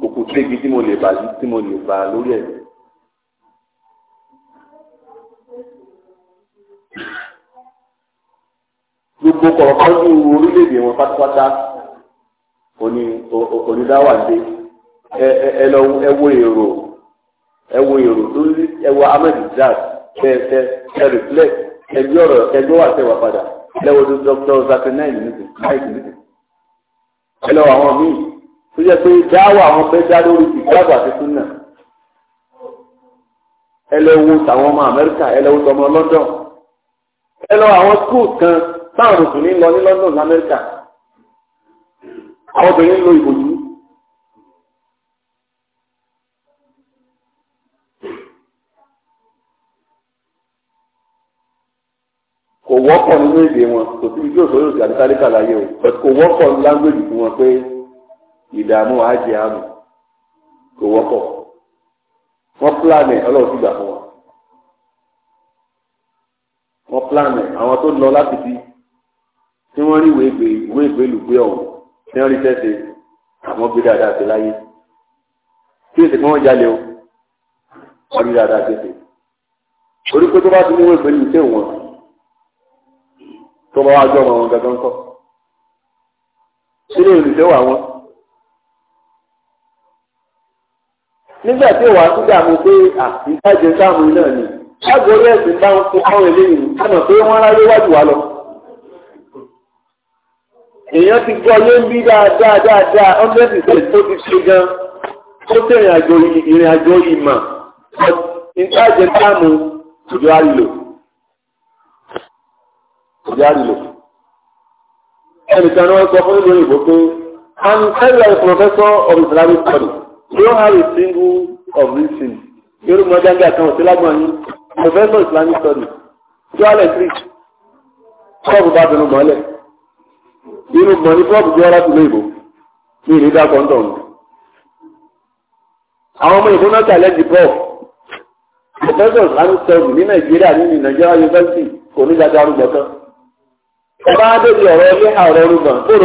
kòkò ségi tí mo lè bà yìí tí mo lè bà lórí ẹ̀. gbogbo kọ̀ọ̀kọ́jú orílẹ̀-èdè wọn pátápátá òní onídáwà dé ẹ lọ ẹ wo èrò ẹ wo èrò tó ní ẹ wo ahmed jaz ẹ ẹ ẹ reflect ẹgbẹ́ ọ̀rọ̀ ẹgbẹ́ wà sẹ́wà padà ẹ wo dr zakinai nìkan ẹ lọ àwọn míì tó jẹ́ pé dáwà àwọn fẹ́ dá lórí ìgbàgbọ́ àti súnà ẹ lọ wo tàwọn ọmọ Amẹ́ríkà ẹ lọ wo tọmọ London ẹ lọ àwọn skul kan táwọn mùsùlùmí lọ ní London lamẹ́ríkà àwọn obìnrin ń lo ìbòjú. kò wọ́pọ̀ nínú èdè wọn kò síbi tí òṣèré òṣèré àti láyé o kò wọ́pọ̀ láńgbèjì fún wọn pé ìdààmú àjẹ àmù kò wọ́pọ̀ wọ́n pílánì ọlọ́run ti gbà fún wọn wọ́n pílánì àwọn tó lọ láti bí tí wọ́n rí ìwé ìgbé ìlúgbé ọ̀hún tí wọ́n rí tẹ́sẹ̀ àwọn gbé dáadáa sí láyé kí èsì kí wọ́n jalè o wọ́n rí dáadáa sí èsì torí pé tó bá ti ní ìwé ìgbé ìlúgbé wọn tó bá wá jọ ọmọ wọn gangan kọ sílé olùdẹ́wọ̀ àwọn. nígbà tí wàá tún dààmú pé àtìjáde sáàmù náà ni lágbo orí ẹ̀sìn bá ń fún àwọn eléyìí ọ̀nà pé wọ́n ráyé wájú wa lọ. èèyàn ti gbọ́ yé ń bí dáadáa dáadáa hundred percent tó ti ṣe gan ó ṣe ìrìn àjò ìmọ̀ ìtajà sáàmù ìjọ àlò ìjọ àlò. ẹnìkan ni sọ fún ìlú òyìnbó pé I'm very like professor of Islamic studies you don't have a single of these things yorùbá jàǹgà kan ọ̀sẹ̀ lágbọ̀n yín professor islamic studies twelve and three kọ́ọ̀bù bá bẹnu mọ́lẹ̀ inú mọ̀ ní kọ́ọ̀bù bí ọ̀rá tìlú ìbò ní ìlú dákọ̀ ń tọ̀ nù. àwọn ọmọ ìbò náà challenge prof professor islamic studies ní nàìjíríà nínú nàìjíríà university kò ní dáadáa rúgbọ kan. ọba adébí ọ̀rọ̀ ilé àrọ̀ rúgbọ̀n kó o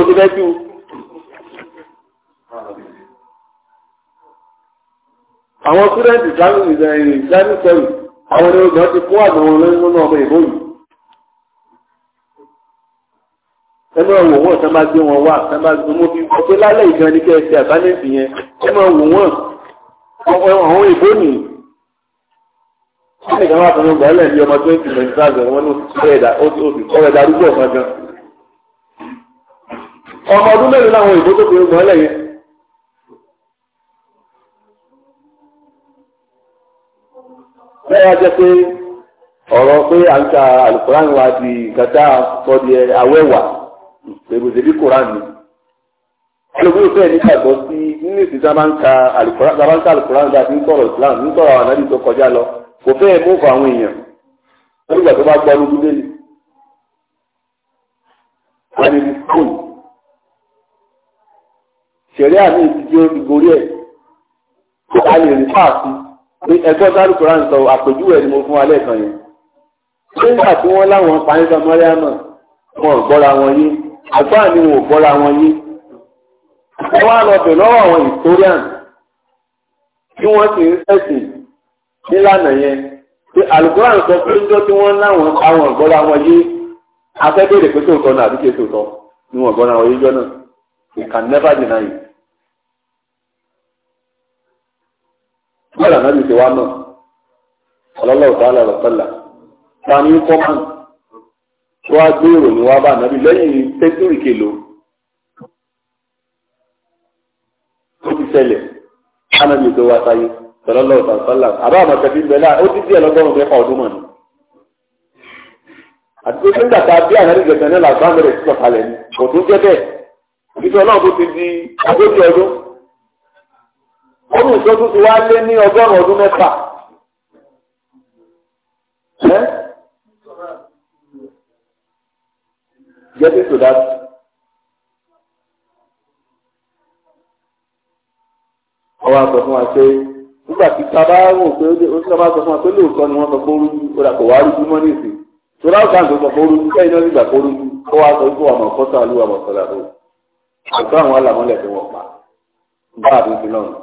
àwọn túrẹ́ǹtì islamic ìdẹ̀yìn eh, islamic sọ̀rọ̀ àwọn ẹni ọgbọ̀n ti kó àgbọ̀n wọn lẹ́nu náà ọmọ ìbò yìí. ẹ máa wò wọ́n tẹ́ máa gbé wọn wá tẹ́ máa gbé mọ́ bí wọ́n pé lálẹ́ ìgbà ní kẹ́ ẹ ṣe àbálẹ́ǹtì yẹn ẹ máa wò wọ́n àwọn ìbò nìyí. Ṣé ìjọba àtọ́nú gbà lẹ̀ ní ọmọ twenty twenty thousand wọn ní ọ̀rẹ́ darúgbó ọ̀gá gan. Ọmọ ọdún mélòó làwọn ìbò tó fi gbọ́ lẹ̀ yẹn? lẹ́yìn ajẹ́ pé ọ̀rọ̀ pé à ń ta alukoran wa di gàdá sọ́ọ́dì awẹ́wà èbùsè bí koran ni ẹlòmíràn fẹ́ẹ̀ nígbàgbọ́ sí nínú ìsìn sábà ń ka alukoran sábà ń ka alukoran dáa ní sọ̀rọ̀ Islam ní sọ̀rọ̀ àwọn ànábì tó kọjá lọ kò fẹ́ẹ̀ mú fún àwọn èèyàn nígbà tó bá gbọ́ lójú délé wọ́n ní kùn ṣẹ̀rí àmì ìdíje orí ẹ̀ ẹ̀kọ́ sáré koran sọ àpèjúwe ni mo fún wa lẹ́ẹ̀kan yẹn nígbà tí wọ́n láwọn pàṣẹ mọ́ríàmù wọn ò gbọ́ra wọn yé àgbáà ni wọn ò gbọ́ra wọn yé ẹ wá lọ bẹ̀ lọ́wọ́ àwọn historian tí wọ́n sì ń ṣẹ̀sìn nílànà yẹn pé alukoran sọ pé ń jọ tí wọ́n láwọn àwọn ọ̀gbọ́ra wọn yé afẹ́bẹ̀rẹ̀ pé tòótọ́ náà àbí kí tòótọ́ ni wọ́n ọ̀gbọ́ra wọn yé jọ náà you can never deny it. bọ́ọ̀lù àná ti wá mọ̀ ọlọ́lọ́wọ́ tó àlọ́ sọ́là ta ni kọ́mọ̀n tó wá gbé ìròyìn wá bá ànábì lẹ́yìn sẹ́ńtúrì kèlò ó ti ṣẹlẹ̀ ànábì tó wá sáyé ọlọ́lọ́wọ́ tó sọ́là àbá àmọ̀tẹ́ fi bẹ̀lá ó ti díẹ̀ lọ́gọ́rùn-ún mẹ́fà ọdún mọ̀ ni àti pé nígbà tá a bí ànábì gẹ̀gẹ̀ náà làbá sí ọ̀kalẹ̀ ni kò tó jẹ́ bẹ́ẹ̀ ọdún ìjọdún ti wá lé ní ọgọ́rùn-ún ọdún mẹ́fà. Get into that. Ọwọ́ àgbẹ̀ fún wa pé nígbà tí tábà wò pé ó ti sábà sọ fún wa pé lóòótọ́ ni wọ́n sọ pé orúkú ó dàpọ̀ wá rújú mọ́ nìsí. Tòlá ọ̀gá àgbẹ̀ sọ pé orúkú kẹ́yìn náà nígbà pé orúkú kó sọ pé àmọ̀ kọ́tà ló àmọ̀ sọ̀rọ̀ àbò. Àgbẹ̀ àwọn alàmọ́lẹ̀ tí wọ́n pa. Bá àdúgbò náà.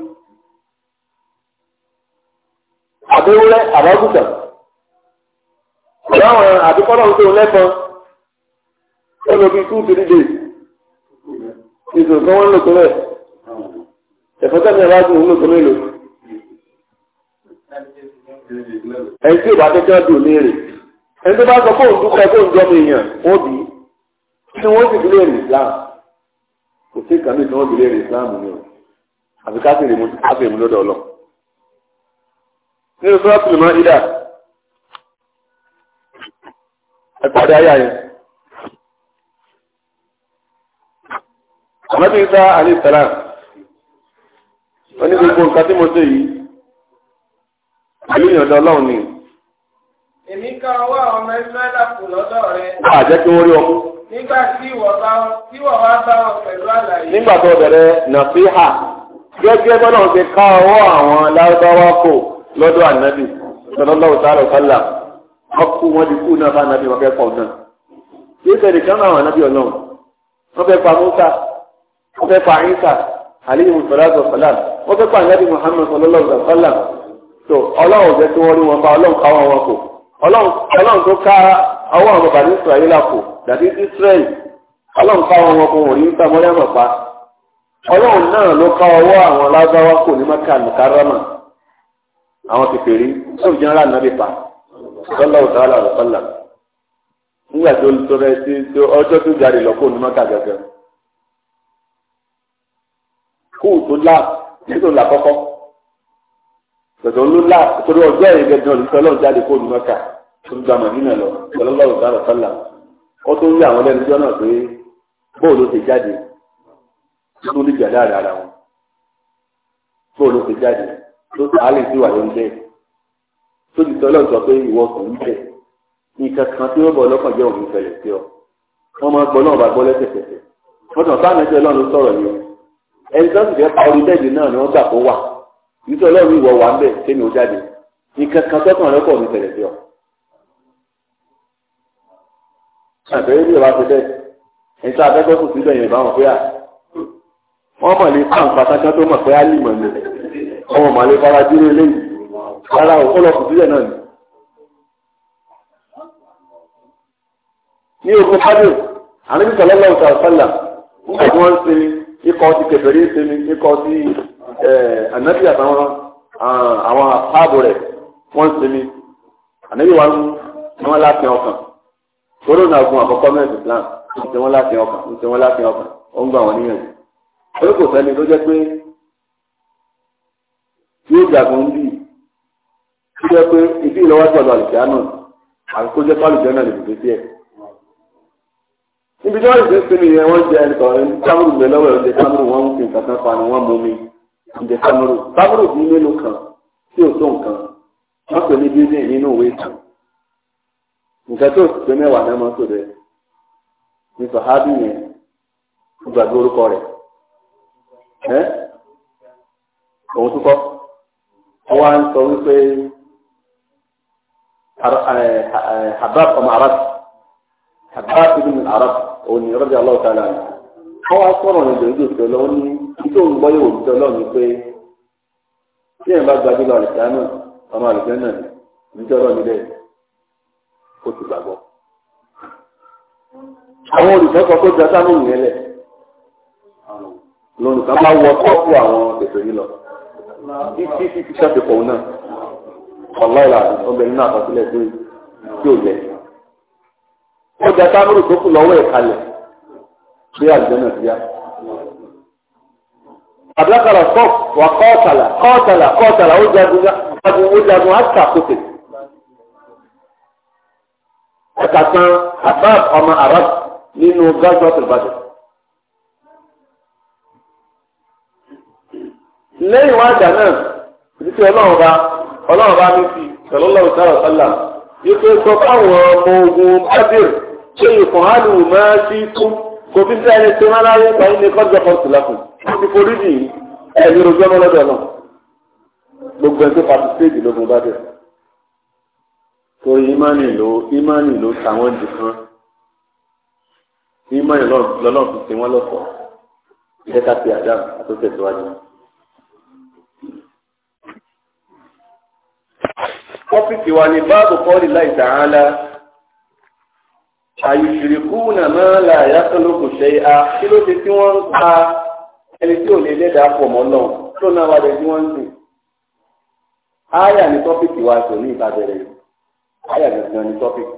àbẹ̀wúrẹ́ àbágùtà ìyáwọn àbíkọ́lọ́run tó lẹ́fọn ó lọ bí two three days ìṣòro kan wọ́n ń lò tó rẹ̀ ẹ̀fọ́ tẹ̀sán ìwádìí ń lò tó mélòó. ẹni tí ìbá tẹ́tẹ́ dùn léèrè ẹni tó bá sọ fóun dúpẹ́ fóun jọmọ èèyàn wọ́n bí kí wọ́n sì bílẹ̀ ní Islam kò sí ìkànnì tí wọ́n bílẹ̀ ní Islam ni o àbíká sì rí mu lọ́dọ̀ Ọlọ́run. nínú sọ́ọ̀tù mọ́ ìdá ẹ̀pàdé ayá yẹn. àmọ́bí ń sá àlè ìsàlá wọ́n gbogbo nǹkan tí mo ṣe yìí pẹ̀lú ìyọ̀dọ̀ ọlọ́run ni. èmi kan wá ọmọ kù lọ́dọ̀ rẹ. á jẹ́ kí wọ́n rí ọmú. nígbà tí ìwọ̀ bá bá wọn pẹ̀lú àlàyé. nígbà tó bẹ̀rẹ̀ nàfíhà gẹ́gẹ́ bọ́lá ń ṣe ká ọwọ́ àwọn lárúbáwá lọ́dọ̀ ànábì sallallahu ta'ala sallam wọ́n kú wọ́n ti kú náà bá ànábì wọ́n fẹ́ pọ̀ náà. bí ìfẹ́ nìkan náà àwọn ànábì ọlọ́run wọ́n fẹ́ pa Musa wọ́n fẹ́ pa Isa alayhi salatu wa salam wọ́n fẹ́ pa ànábì Muhammad sallallahu ọlọ́run náà ló ká ọwọ́ àwọn lágbáwá kò ní Maka mukarama àwọn kèfèrí sọ̀rọ̀ jẹ́nẹ́rà náà lè pa sọ́lá ọ̀tàlá ọ̀tàlá nígbà tó tọrẹ sí ọjọ́ tó jáde lọ́kọ́ ní mọ́tà gẹ́gẹ́ kó tó lá títò là kọ́kọ́ tọ̀tọ̀ ló lá torí ọjọ́ yẹn gẹ́gẹ́ ní sọ́lá jáde kó ní mọ́tà tó gba màdínà lọ sọ́lá ọ̀tàlá ọ̀tàlá ó tó rí àwọn lẹ́nu jọ́ náà pé bóòlù ti jáde tó ní jàdá rẹ̀ ara wọn bóòlù ti jáde tó sàálẹ̀ sí wà ló ń bẹ̀ sójú tí ọlọ́run sọ pé ìwọ kò ń bẹ̀ nǹkan kan tí ó bọ̀ lọ́kàn jẹ́ òun ìfẹ̀lẹ̀ sí ọ wọ́n máa gbọ́ náà bá gbọ́ lẹ́sẹ̀kẹsẹ̀ wọ́n tàn sáà mẹ́sẹ̀ ọlọ́run sọ̀rọ̀ ni ẹni tó sì fẹ́ pa orí bẹ́ẹ̀dì náà ni wọ́n gbà kó wà nítorí ọlọ́run ìwọ wà ń bẹ̀ sẹ́ni ó jáde nǹkan kan tọ́kàn lọ́kàn òun ìfẹ̀lẹ̀ sí ọ. àbẹ̀rẹ̀ bí ìwà ti bẹ́ẹ̀ ẹni tó abẹ́gbẹ́ kù síbẹ̀ yẹn bá wọn pé à wọ́n mọ̀ ní pàǹpà kankan tó mọ̀ pé á lì mọ̀ ní ọmọ màálé farajúre léyìí rárá òkú lọkùn sílẹ̀ náà ni. ní ogun fádé àníbi sọlọ́lá ọ̀sà ọ̀sálà nígbà tí wọ́n ń sinmi ikọ̀ ti kẹfẹ́rí sinmi ikọ̀ ti ànábì àtàwọn àwọn àpáàbò rẹ̀ wọ́n ń sinmi àníbi wa ń wọ́n láti ọkàn tóró náà gun àkọ́kọ́ mẹ́rin Islam ń ṣe láti ọkàn ń ṣe láti ọkàn ó ń gbà wọ́n níyànjú. orí kò sẹ́ni ló jẹ́ pé yóò gbàgbọ́ ń bì kí jẹ́ pé ibi ìlọ́wọ́ tí ọ̀dọ̀ àlùkìá náà àti kó jẹ́ pálù jẹ́nà lè dùdú díẹ̀. níbi tí wọ́n ti sinmi yẹn wọ́n jẹ ẹnì kan ní kámúrù mi lọ́wọ́ ẹ̀rọ jẹ fi nǹkan kan fanu wọn mú mi ǹjẹ́ kámúrù kámúrù bí nínú kan tí ò tó nǹkan wọ́n pè ní nínú nǹkan tó ti pé mẹ́wàá náà wá ń sọ wípé habab ọmọ arab habab ibn arab òní rọ́jà ọlọ́ọ̀ta lánà wọ́n wá ní ìdòwú ìdòwú lọ́wọ́ ní ìdó ń yóò wùdí ọlọ́ọ̀ ni pé tí èèyàn bá náà ọmọ náà ti àwọn tó jẹ́ sánú lẹ̀ lónìí wọ tọ́pù àwọn ètò yìí lọ. títí títí sẹ́fìpọ̀ náà ọ̀láìlà ọbẹ̀rin náà àkọsílẹ̀ pé tí ò lẹ̀. ọjà tábìlì tó kù lọ́wọ́ ẹ̀ kalẹ̀ pé àjọ náà ti yá. àbúrákàlà sọ́ọ̀kù wà kọ́ọ̀tàlà kọ́ọ̀tàlà kọ́ọ̀tàlà ó jagun ó jagun áṣà kòtè. ẹ̀ka tán abab ọmọ arab nínú gáàsì ọ̀tún ìbàdàn. lẹ́yìn wá àjà náà títí ọlọ́run bá ọlọ́run bá mi fi sallallahu ta'ala sálà yìí pé sọ fáwọn ọmọ ogun bábìr ṣé ìkàn á lù mọ́ sí kú kò fi sẹ́ni tó má láyé pàyín ní kọ́jọ́ kan sì lọ́kùn ó ti forí dì í ẹ̀mí rojọ́ mọ́ lọ́dọ̀ náà gbogbo ẹni tó pàtísípéèdì lógun bábìr torí ìmánì ló ìmánì ló tàwọn jù kan ìmánì lọ́lọ́ fi ṣe wọ́n lọ́kọ̀ọ́ ìjẹ́ká ti àdá àtúntẹ̀síwájú. tọ́pìkì wa ni báàbù kọ́ọ̀lì láì tààlà àyùṣìrìkú nà máa là yàtọ̀ lóko ṣe a kí ló ṣe tí wọ́n ń pa ẹni tí ò lè lẹ́dàá pọ̀ mọ́ náà tó náà wà lẹ́ni wọ́n ń sìn. áyà ni tọ́pìkì wa tò ní ìbàdẹ̀rẹ̀ yìí áyà gangan ni tọ́pìkì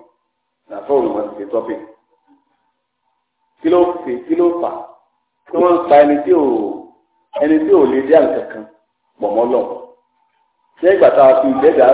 nàfọ́ òun wọn ti ṣe tọ́pìkì. kí ló fi kí ló fà tí wọ́n ń pa ẹni tí ò ẹni tí ò lè dé àǹkankan pọ̀ mọ́ náà. ṣé ìgbà tá a fi ìdẹ́gàá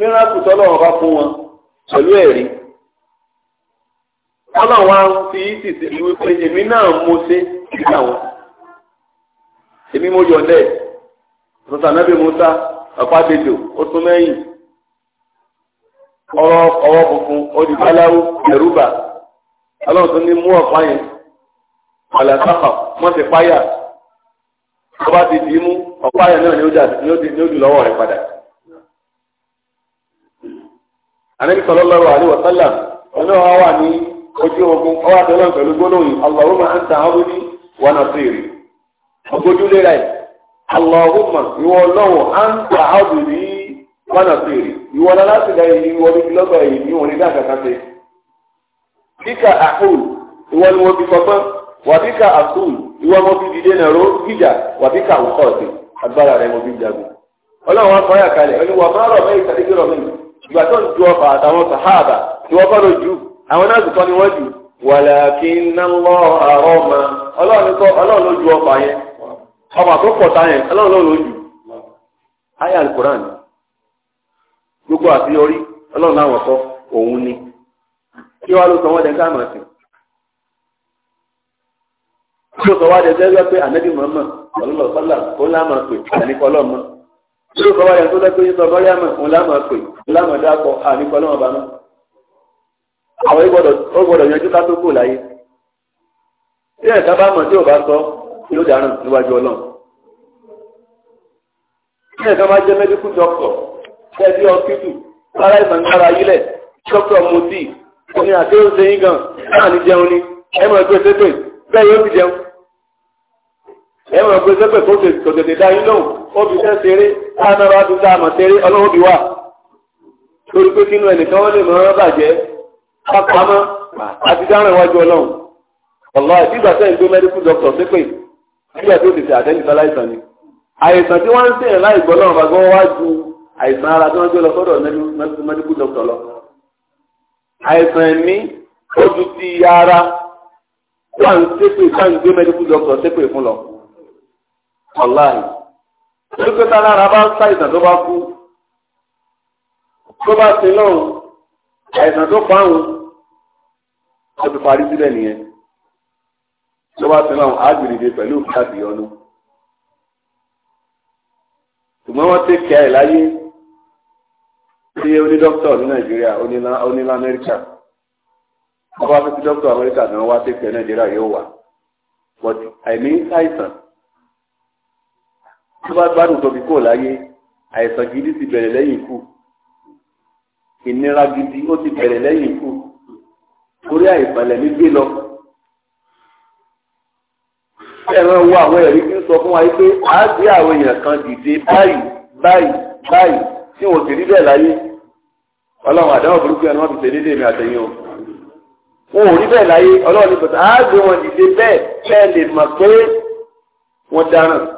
míràkù tọ́lọ̀ ọba fún wọn pẹ̀lú ẹ̀rí tọ́lọ̀ wa ń fi títí wípé èmi náà mo ṣe nígbà wọn èmi mo yọ̀ lẹ́ẹ̀ musa nabi musa ọ̀pá-dejò ó tún lẹ́yìn ọ̀rọ̀ ọwọ́ funfun odìbáláwo ẹ̀rúbà ọlọ́run tún ní mú ọ̀pá yẹn àlàsáfà wọ́n ti páyà ọba ti dì í mú ọ̀pá yẹn náà ni ó dì lọ́wọ́ rẹ̀ padà anabi sallallahu alaihi wa sallam ọ̀nà wa wà ní ojú ogun ọwọ́ àti ọlọ́run pẹ̀lú gbólóhùn allahumma anta abudi wa nasiri ọgbójúlé rẹ̀ allahumma ìwọ ọlọ́run anta abudi wa nasiri ìwọ ọlọ́run láti dá èyí ìwọ ní lọ́gbà èyí ní òní dáàkà káfẹ́ kíkà àkùl ìwọ ni wọ́n fi fọ́fọ́n wà kíkà àkùl ìwọ mo fi dìde nàró gíjà wà kíkà òkọ́ ọ̀sẹ̀ agbára rẹ̀ mo fi jagun ọlọ́run wa kọ́ yà kalẹ̀ ọ ìgbà tó ń ju ọba àtàwọn sàhábà tí wọ́n bọ́dọ̀ jù àwọn náà ni wọ́n jù walakinna Allaha rama ọlọ́run kọ́ ọlọ́run ló ju ọba yẹn ọba tó pọ̀ tá yẹn ọlọ́run ló gbogbo àṣeyọrí ọlọ́run láwọn kọ́ òun ni kí wàá ló sọ wọ́n dẹ kí ló sọ dẹ sẹ́yìn pé ọlọ́run láàmà yóò kọ́ wáyà tó lẹ́gbẹ́ sọ bọ́lá mọ̀ òun lámà pè òun lámà dákọ̀ àníkọ́ ọlọ́wọ́n bá mọ́. àwọn ó gbọ́dọ̀ yanjú ká tó kù láyé. bí ẹ̀ka bá mọ̀ tí ò bá sọ yóò dáràn níwájú ọlọ́run. bí ẹ̀ka bá jẹ́ mẹ́díkù dọ́kítọ̀ tẹ́tí ọ̀kítù rárá ìmọ̀nìkára ayílẹ̀ dọ́kítọ̀ mutí omi àti oúnjẹ yín gan láàánú jẹun ni ẹ mọ̀ ẹgbẹ́ sẹ́pẹ̀ bẹ́ẹ̀ yóò fi jẹun ẹ mọ̀ ẹgbẹ́ sẹ́pẹ̀ kó tètè dá yín lóhùn obì fẹ́ ṣeré káàná bá tún tá a mọ̀ ṣeré ọlọ́wọ́ bí wà torí pé kínú ẹnìkan wọ́n lè mọ̀ ọ́n bàjẹ́ pápámọ́ àti dáhùn iwájú ọlọ́run ọ̀lọ́ àti ìgbà sẹ́yìn gbé mẹ́díkù dọ́kítọ̀ sípè nígbà tó ti ṣe àtẹ́yìntà láìsàn ni àìsàn tí wọ́n ń sèyàn láì gbọ́ náà bàgbọ́ wá ju àìsàn ara tí wọ́n gbé lọ sọ́dọ̀ mẹ́díkù dọ́kítọ̀ lọ àìsàn ẹ̀mí ó ju ti ara wà ń sépè ká ń gbé mẹ́díkù dọ́kítọ̀ sépè fún lọ ọ̀láì pé tálára bá ń ṣàìsàn tó bá kú tó bá sin lọ́hùn àìsàn tó fáwọn ó ti parí síbẹ̀ nìyẹn tó bá sin lọ́hùn àgbèrèdè pẹ̀lú òkè àti ọ̀nù ṣùgbọ́n wọ́n ti kẹ́ ẹ̀ láyé tí ó ní dókítà ní nàìjíríà ó ní lamẹ́ríkà wọ́n bá fi sí dókítà amẹ́ríkà náà wá ti kẹ́ nàìjíríà yóò wà but àìní àìsàn tó bá gbádùn tóbi kò láyé àìsàn gidi ti bẹ̀rẹ̀ lẹ́yìn ikú ìnira gidi ó ti bẹ̀rẹ̀ lẹ́yìn ikú torí àìsàn lẹ́mí gbé lọ. ẹ̀rọ wo àwọn ẹ̀rí tí ń sọ fún wa pé a gbé àwọn èèyàn kan dìde báyìí báyìí báyìí tí wọn sì rí bẹ́ẹ̀ láyé ọlọ́run àdáwọ̀ burúkú ẹni wọ́n ti ṣe déédéé mi àtẹ̀yìn o wọn ò rí bẹ́ẹ̀ láyé ọlọ́run ní pẹ̀tẹ́ a wọn dìde bẹ́ẹ̀ bẹ́ẹ̀ lè mọ̀ pé wọ́n dáràn.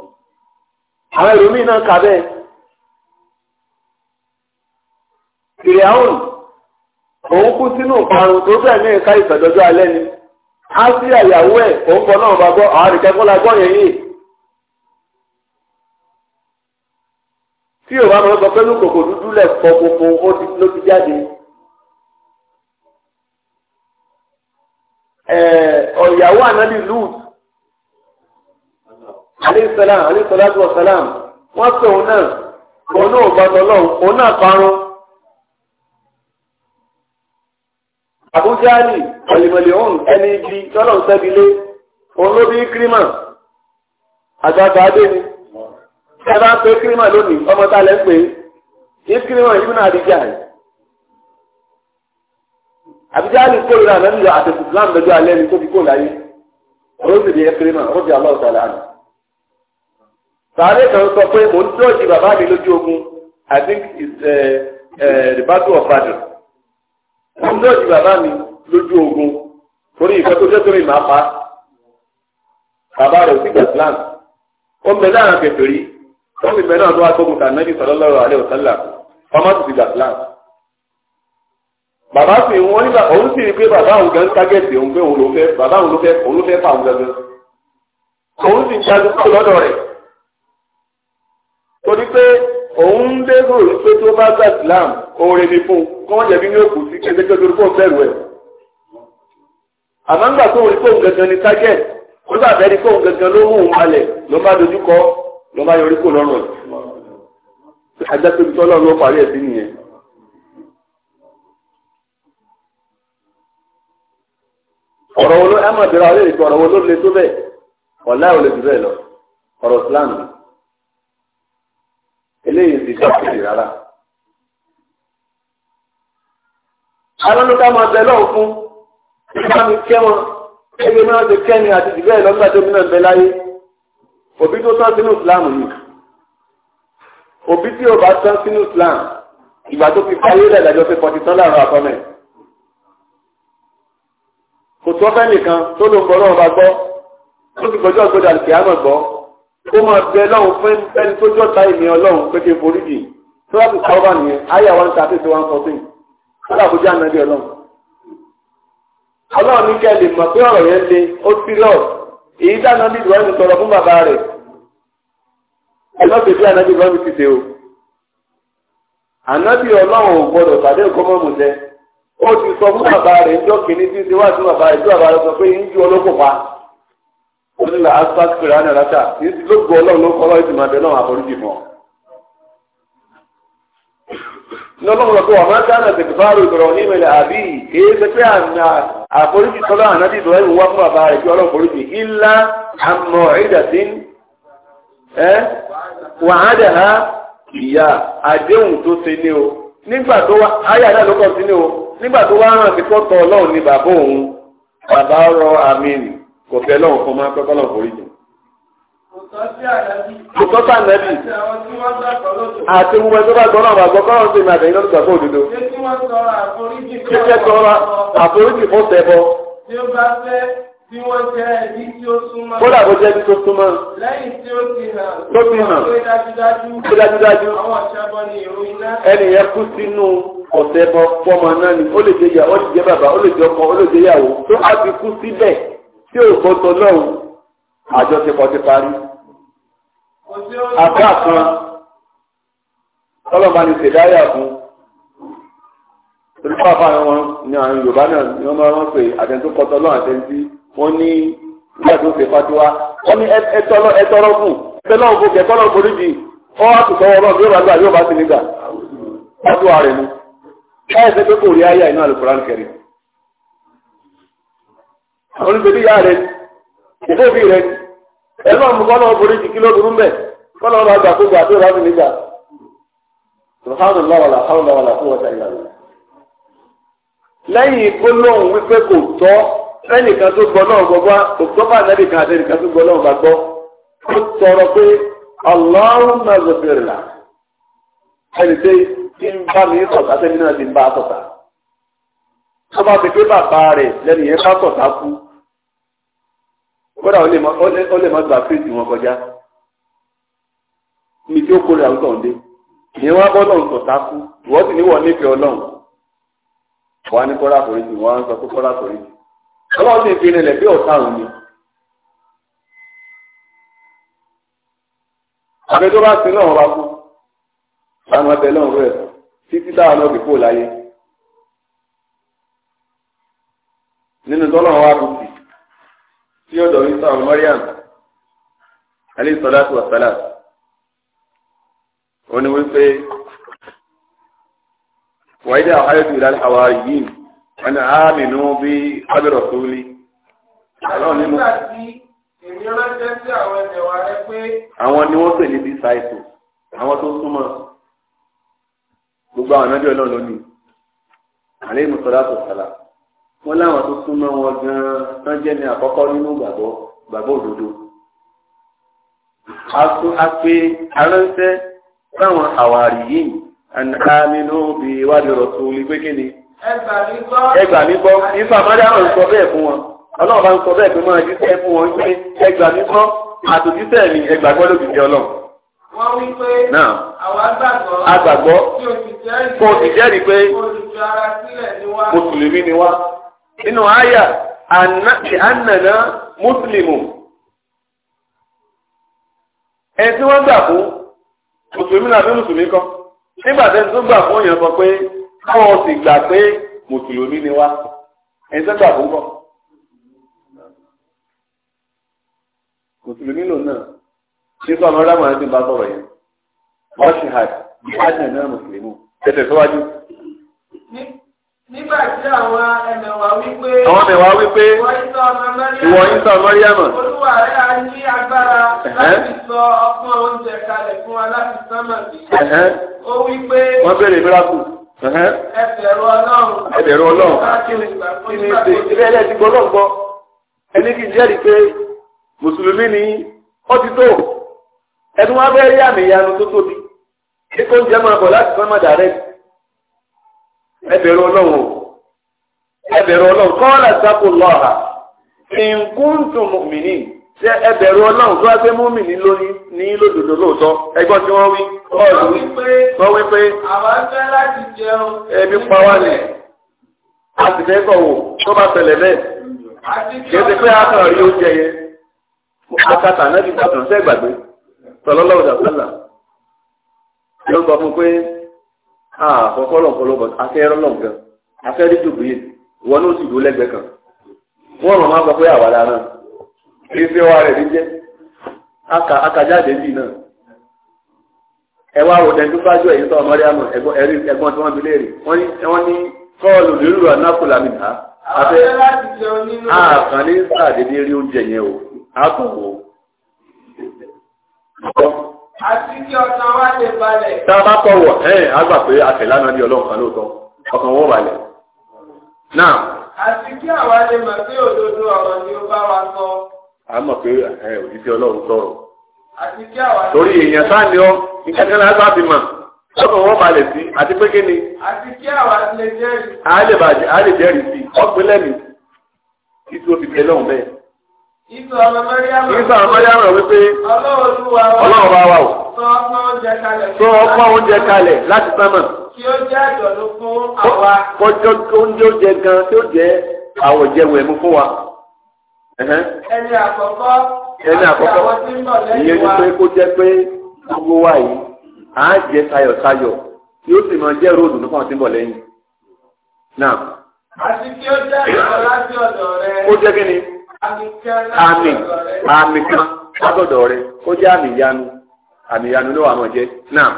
àwọn ẹlòmíín náà kà bẹ́ẹ̀. fìrìhàn òun kú sínú ìparun tó bẹ́ẹ̀ ní ẹ̀ka ìfẹ̀dọ́jọ́ alẹ́ ni á sí àyàwó ẹ̀ òun bọ̀ náà bá gbọ́ àwọn àdìkẹ́kọ̀ọ́ la gbọ́ yẹn yìí. tí o bá lọ sọ pé lókòkò dúdú lẹ̀ pọ̀ gbogbo ó ti ló ti jáde. ẹ̀ẹ́d ọ̀yàwó ànábì lùt aleyhisalaam aleyhisalaatu wa salaam wọ́n pè òun náà òun náà ò bá tọ́lọ́hún òun náà parun. àbújáàlì ọ̀lìmọ̀lì ọ̀hún ẹni ibi tọ́lọ̀ ń sẹ́bilé òun ló bí kírímà àgbàgbà adé ni ẹ bá ń pe kírímà lónìí ọmọ tá a lẹ́ ń pè é kírímà yìí náà àdìjà yìí. àbújáàlì kórìíra àná nílò àtẹ̀sùn láàmú alẹ́ ni tó fi kó láyé. rọ́ọ̀sì ni ẹ kírímà rọ́ọ̀sì aláwọ̀ sálẹ̀ àná sàárè kan sọ pé mò ń tọ́jú bàbá mi lójú ogun i think it's uh, uh, the battle of badr mò ń tọ́jú bàbá mi lójú ogun torí ìfẹ́ tó tẹ́tọ́ mi máa pa bàbá rẹ̀ òsì gàtlán ó mẹ́ láàrin kẹfẹ́rí ó sì mẹ́ náà tó wá gbógun tànàbí sallallahu alaihi wasallam ọmọ sì ti gàtlán bàbá sì wọ́n nígbà òun sì rí pé bàbá òun gan tágẹ́tì òun pé òun ló fẹ́ bàbá òun ló fẹ́ òun ló fẹ́ pa òun gangan òun sì ń ṣáájú lọ́dọ̀ rẹ̀ torí pé òun lérò pé tó bá gba islam oore ni fún un kí wọ́n jẹ̀bi ní òkú sí kékeré torí fún bẹ̀rù ẹ̀. àmọ́ ńgbà tó rí fóun gangan ni target ó dàbẹ́ ni fóun gangan ló mú un malẹ̀ ló bá dojú kọ ló bá yọrí kò lọ́rùn ẹ̀. ajá tóbi tọ́lọ́ ló parí ẹ̀ sí nìyẹn. ọ̀rọ̀ wo ló ẹ̀ mọ̀ bẹ̀rẹ̀ ọ̀rẹ́ ìtọ́ ọ̀rọ̀ wo ló le tó bẹ́ẹ̀ ọ̀la ò le jù bẹ́ẹ̀ lọ ọ̀rọ̀ islam ni eléyìí ti sọ́kùnrin rárá. alọ́nùká máa bẹ lọ́wọ́ fún ìgbà mi kẹ́ wọn ebi náà ti kẹ́ni àti ìdílé ìlọ́gbà tó bí náà bẹ láyé òbí tó tán sínú Islam yìí òbí tí o bá tán sínú Islam ìgbà tó fi fáyé rẹ̀ lẹ́jọ́ pé pọ̀tì tán láàárọ̀ àtọ́mẹ̀ kò tó fẹ́ nìkan tó ló ń bọ̀ lọ́wọ́ bá gbọ́ tó ti gbọ́jọ́ gbọ́dọ̀ àlùkìyàmọ̀ gbọ́ kó máa bẹ lọ́hùn fún ẹni tó jọ́ta ìmí ọlọ́hùn pété foríjì tó bá ti sọ ọ́ bá nìyẹn àyà wọn ta tètè wọn fọtún kódà kó jẹ́ ànábì ọlọ́hùn. ọlọ́run ní kẹ́lẹ̀ mọ̀ pé ọ̀rọ̀ yẹn le ó sírọ̀ èyí dáná bí ìwà ẹni sọ̀rọ̀ fún bàbá rẹ̀ ọlọ́bẹ̀ bí ànábì ìwà mi ti dé o. ànábì ọlọ́run ò gbọdọ̀ pàdé nǹkan mọ́ mùsẹ́ ó ti sọ fún bàbá rẹ̀ ńjọ́ kìíní tí ń ṣe wá sí ó ní là asfaw kiri àná rata lóògùn ọlọ́run ló kọ́ lọ́ọ́ ìdìmọ̀ náà àforíjì fún ọ. lọ́kọ́ máa dáná ìgbọ̀rọ̀ ní ìmẹ̀lẹ̀ àbí èyí ṣe pé àná àforíjì tọ́lá ànábì wá fún bàbá rẹ̀ kí ọlọ́run foríjì àmọ̀ ìyá àdéhùn tó ṣe ní o nígbà tó wá ayé àdá ló kọ̀ kò fẹ́ lọ́wọ́ kan máa pẹ́ kọ́lọ̀ forí jù. kò tọ́ sí ànábì. àti gbogbo ẹni tó bá gbọ́ náà bá gbọ́ kọ́lọ̀ sí ìmọ̀ àtẹ̀yìn lọ́dún gbàgbọ́ òdodo. kíkẹ́ tọrọ àforíjì fún tẹ̀bọ. tí ó bá fẹ́ tí wọ́n jẹ́ ẹbí tí ó súnmọ́. kódà bó jẹ́ ẹbí tó súnmọ́. lẹ́yìn tí ó ti hàn. tó ti hàn. pé dájúdájú. pé dájúdájú. àwọn ìṣàbọ ni èrò iná. ẹnìyẹn kú sínú ọ̀sẹ̀ bọ fọmọ náà ni ó lè jẹ ìyá ó lè jẹ bàbá ó lè jẹ ọkọ ó lè jẹ ìyàwó tó a ti kú síbẹ̀. tí ò kó tó àjọṣepọ̀ ti parí. Àbá kan ọlọ́mọba ni ṣèdáyà fún. Torí pàápàá àwọn Yorùbá náà ni wọ́n máa ń pè àtẹ̀ntó kọ́tọ́ lọ́hùn àtẹ̀ntí wọ́n ní nígbà ṣe Wọ́n ní ẹgbẹ́ náà wá sọ́wọ́ yóò bá gbà yóò bá nígbà. mu. kò rí ayé àwọn olùgbèdè yá rẹ ni ìfẹ́ òbí rẹ ni ẹ náà mú kọ́nà ọkùnrin jì kí ló burú mbẹ kọ́nà ọba àgbà kó gbà tó rà mí nígbà subhanallah wàlà hàwùlà wàlà fún wọ́tà ìlànà. lẹ́yìn gbólóhùn wípé kò tọ́ ẹnìkan tó gbọ́ náà gbọ́ bá kò tọ́ bá ẹnìkan àti ẹnìkan tó gbọ́ náà bá gbọ́ ó tọrọ pé Allahumma ghfirla kódà ó lè má gba fèsì wọn kọjá mi tí ó kórè àwùjọ òǹdè ìyẹn wọn bọ́ lọ́run sọ̀tà kú wọ́n sì ní wọ́n nífẹ̀ẹ́ ọlọ́run wọn á ní kọ́ra àforíjì wọn á ń sọ pé kọ́ra àforíjì ọlọ́run sì fi rinlẹ̀ bí ọ̀tá òun ni. àbẹ tó bá sin lọ́wọ́ bá kú táwọn ọbẹ̀ lọ́wọ́ rẹ̀ títí táwọn náà fi kó láyé nínú tọ́lọ́wọ́ wa kú sí ọ̀dọ̀ Isa ọmọ Mariam alayhi salatu wa salam òní wípé wàyídà àhàyọ̀tù ìlànà àwárí yìí wọn ni àmìnú bí abẹ́rọ̀ tó lé. àwọn nígbà tí èmi ránṣẹ́ sí àwọn ẹ̀sẹ̀ wa rẹ pé. àwọn ni wọ́n pè ní disciples àwọn tó súnmọ́ gbogbo àwọn ọ̀nàjọ́ náà lónìí alayhi salatu wa salam wọ́n láwọn tó súnmọ́ wọn gan-an tán jẹ́ ní àkọ́kọ́ nínú gbàgbọ́ gbàgbọ́ òdodo. a pe aránṣẹ́ sáwọn àwárí yìí àmínú bí wádìí ọ̀rọ̀ tó lè pé kí ni. ẹ gbà mí gbọ́ ifá mọ́dá ń sọ bẹ́ẹ̀ fún wọn ọlọ́run bá ń sọ bẹ́ẹ̀ pé máa jíṣẹ́ fún wọn pé ẹ gbà gbọ́ àtòjíṣẹ́ mi ẹ gbàgbọ́ lójijì ọlọ́run wọ́n wí pé àwa gbàgbọ́ agbàgbọ́ kó o sì jẹ́rìí pé ni wá nínú àyà àti ànànà mùsùlùmù ẹni tí wọ́n gbà fún mùsùlùmí náà bí mùsùlùmí kọ́ nígbà tẹ́ni tó gbà fún èèyàn sọ pé káwọn sì gbà pé mùsùlùmí ni wá ẹni tó gbà fún kọ́ mùsùlùmí lòun náà ṣé sọ ọmọ ọlọ́mọ ẹni bá sọ̀rọ̀ yẹn wọ́n ṣe hàd bí ànànà mùsùlùmù tẹ̀tẹ̀ síwájú nígbà tí àwọn ẹ̀mẹ̀wà wípé. àwọn ẹ̀mẹ̀wà wípé. ìwọ yín sọ mọ́ríàmù. olúwa rẹ̀ á ní agbára láti sọ ọpọ́n oúnjẹ kalẹ̀ fún wa láti sánmà bí. ó wípé. wọ́n béèrè mìíràkù. ẹ bẹ̀rù ọlọ́run. ẹ bẹ̀rù ọlọ́run. kí ni kí ni ṣe ilé ẹlẹ́ ti gbọ́ náà gbọ́. ẹni kì í jẹ́rìí pé mùsùlùmí ni ó ti tó. ẹnu wa bẹ́ẹ̀ rí àmì ìyanu tó tóbi. kíkó oúnjẹ máa bọ̀ láti sánmà dàrẹ́tì. ẹbẹ̀rẹ̀ ọlọ́run ẹbẹ̀rẹ̀ ọlọ́run kọ́ọ̀lá sákòlọ́ọ̀hà ìǹkúntùn mùmìnì ṣe ẹbẹ̀rẹ̀ ọlọ́run tó wá mùmìnì lórí ní lòdòdó ẹgbọ́n tí wọ́n wí ọ̀rọ̀ wọ́n wí pé àwọn fẹ́ láti jẹun ẹbí pa wò tó bá bẹ́ẹ̀ kéde pé a kàn rí oúnjẹ yóò sọ àkọ́kọ́ lọ́pọ̀lọpọ̀ afẹ́rọ́ lọ́nkan afẹ́rí tòbí wọn náà sì dúró lẹ́gbẹ̀ẹ́ kan wọ́n rọ̀ máa gbọ́ pé àwàdà náà kí fẹ́ rẹ̀ ní jẹ́ akajáde bíi náà ẹ wá rò dẹ́ntú fájú ẹ̀yìn tó ọmọdé àmọ̀ ẹ̀gbọ́n tí wọ́n léèrè wọ́n ní kọ́ọ̀lù mi nà afẹ́ àkàn ní rí ah, ah, oúnjẹ yẹn o Àti kí ọ̀nà wá lè balẹ̀. Tá a bá kọ̀ wọ̀, ẹ̀ á gbà pé àtẹ̀lá náà ní ọlọ́run kan lóòótọ́, ọkàn wọn balẹ̀. Náà. Àti kí àwa lè mọ̀ pé òdodo ọ̀rọ̀ ni ó bá wa sọ. À mọ̀ pé òjíṣẹ́ ọlọ́run sọ̀rọ̀. Àti kí àwa lè mọ̀. Torí èèyàn sáà ni ọ́, nǹkan kan láti bá fi mọ̀ ọkọ̀ wọn balẹ̀ sí àti pé kíni. àti kí àwa lè jẹ́rìí. a lè bàjẹ́ a lè Ìsọ̀ ọmọ Mẹ́ríàmù wípé ọlọ́run bá wà ó. Sọ ọpọ́ oúnjẹ kalẹ̀ láti sánmà. Kí ó jẹ́ àjọ̀dún fún àwa. Kọjọ́ oúnjẹ oúnjẹ gan tí ó jẹ́ àwọ̀ jẹun ẹ̀mú fún wa. Ẹni àkọ́kọ́. Ẹni àkọ́kọ́. Ìyẹn ni pé kó jẹ́ pé gbogbo wa yìí à á jẹ tayọ̀tayọ̀ tí ó sì máa jẹ́ róòdù nípa ọtí bọ̀ lẹ́yìn. Náà. Àti kí ó jẹ́ ìrọ̀lá sí ọ̀dọ̀ rẹ. Ó jẹ́ kí ni? àmì àmì kan lágbọ̀dọ̀ rẹ̀ ó jẹ́ àmì ìyanu àmì ìyanu ló wà mọ̀ jẹ́ náà.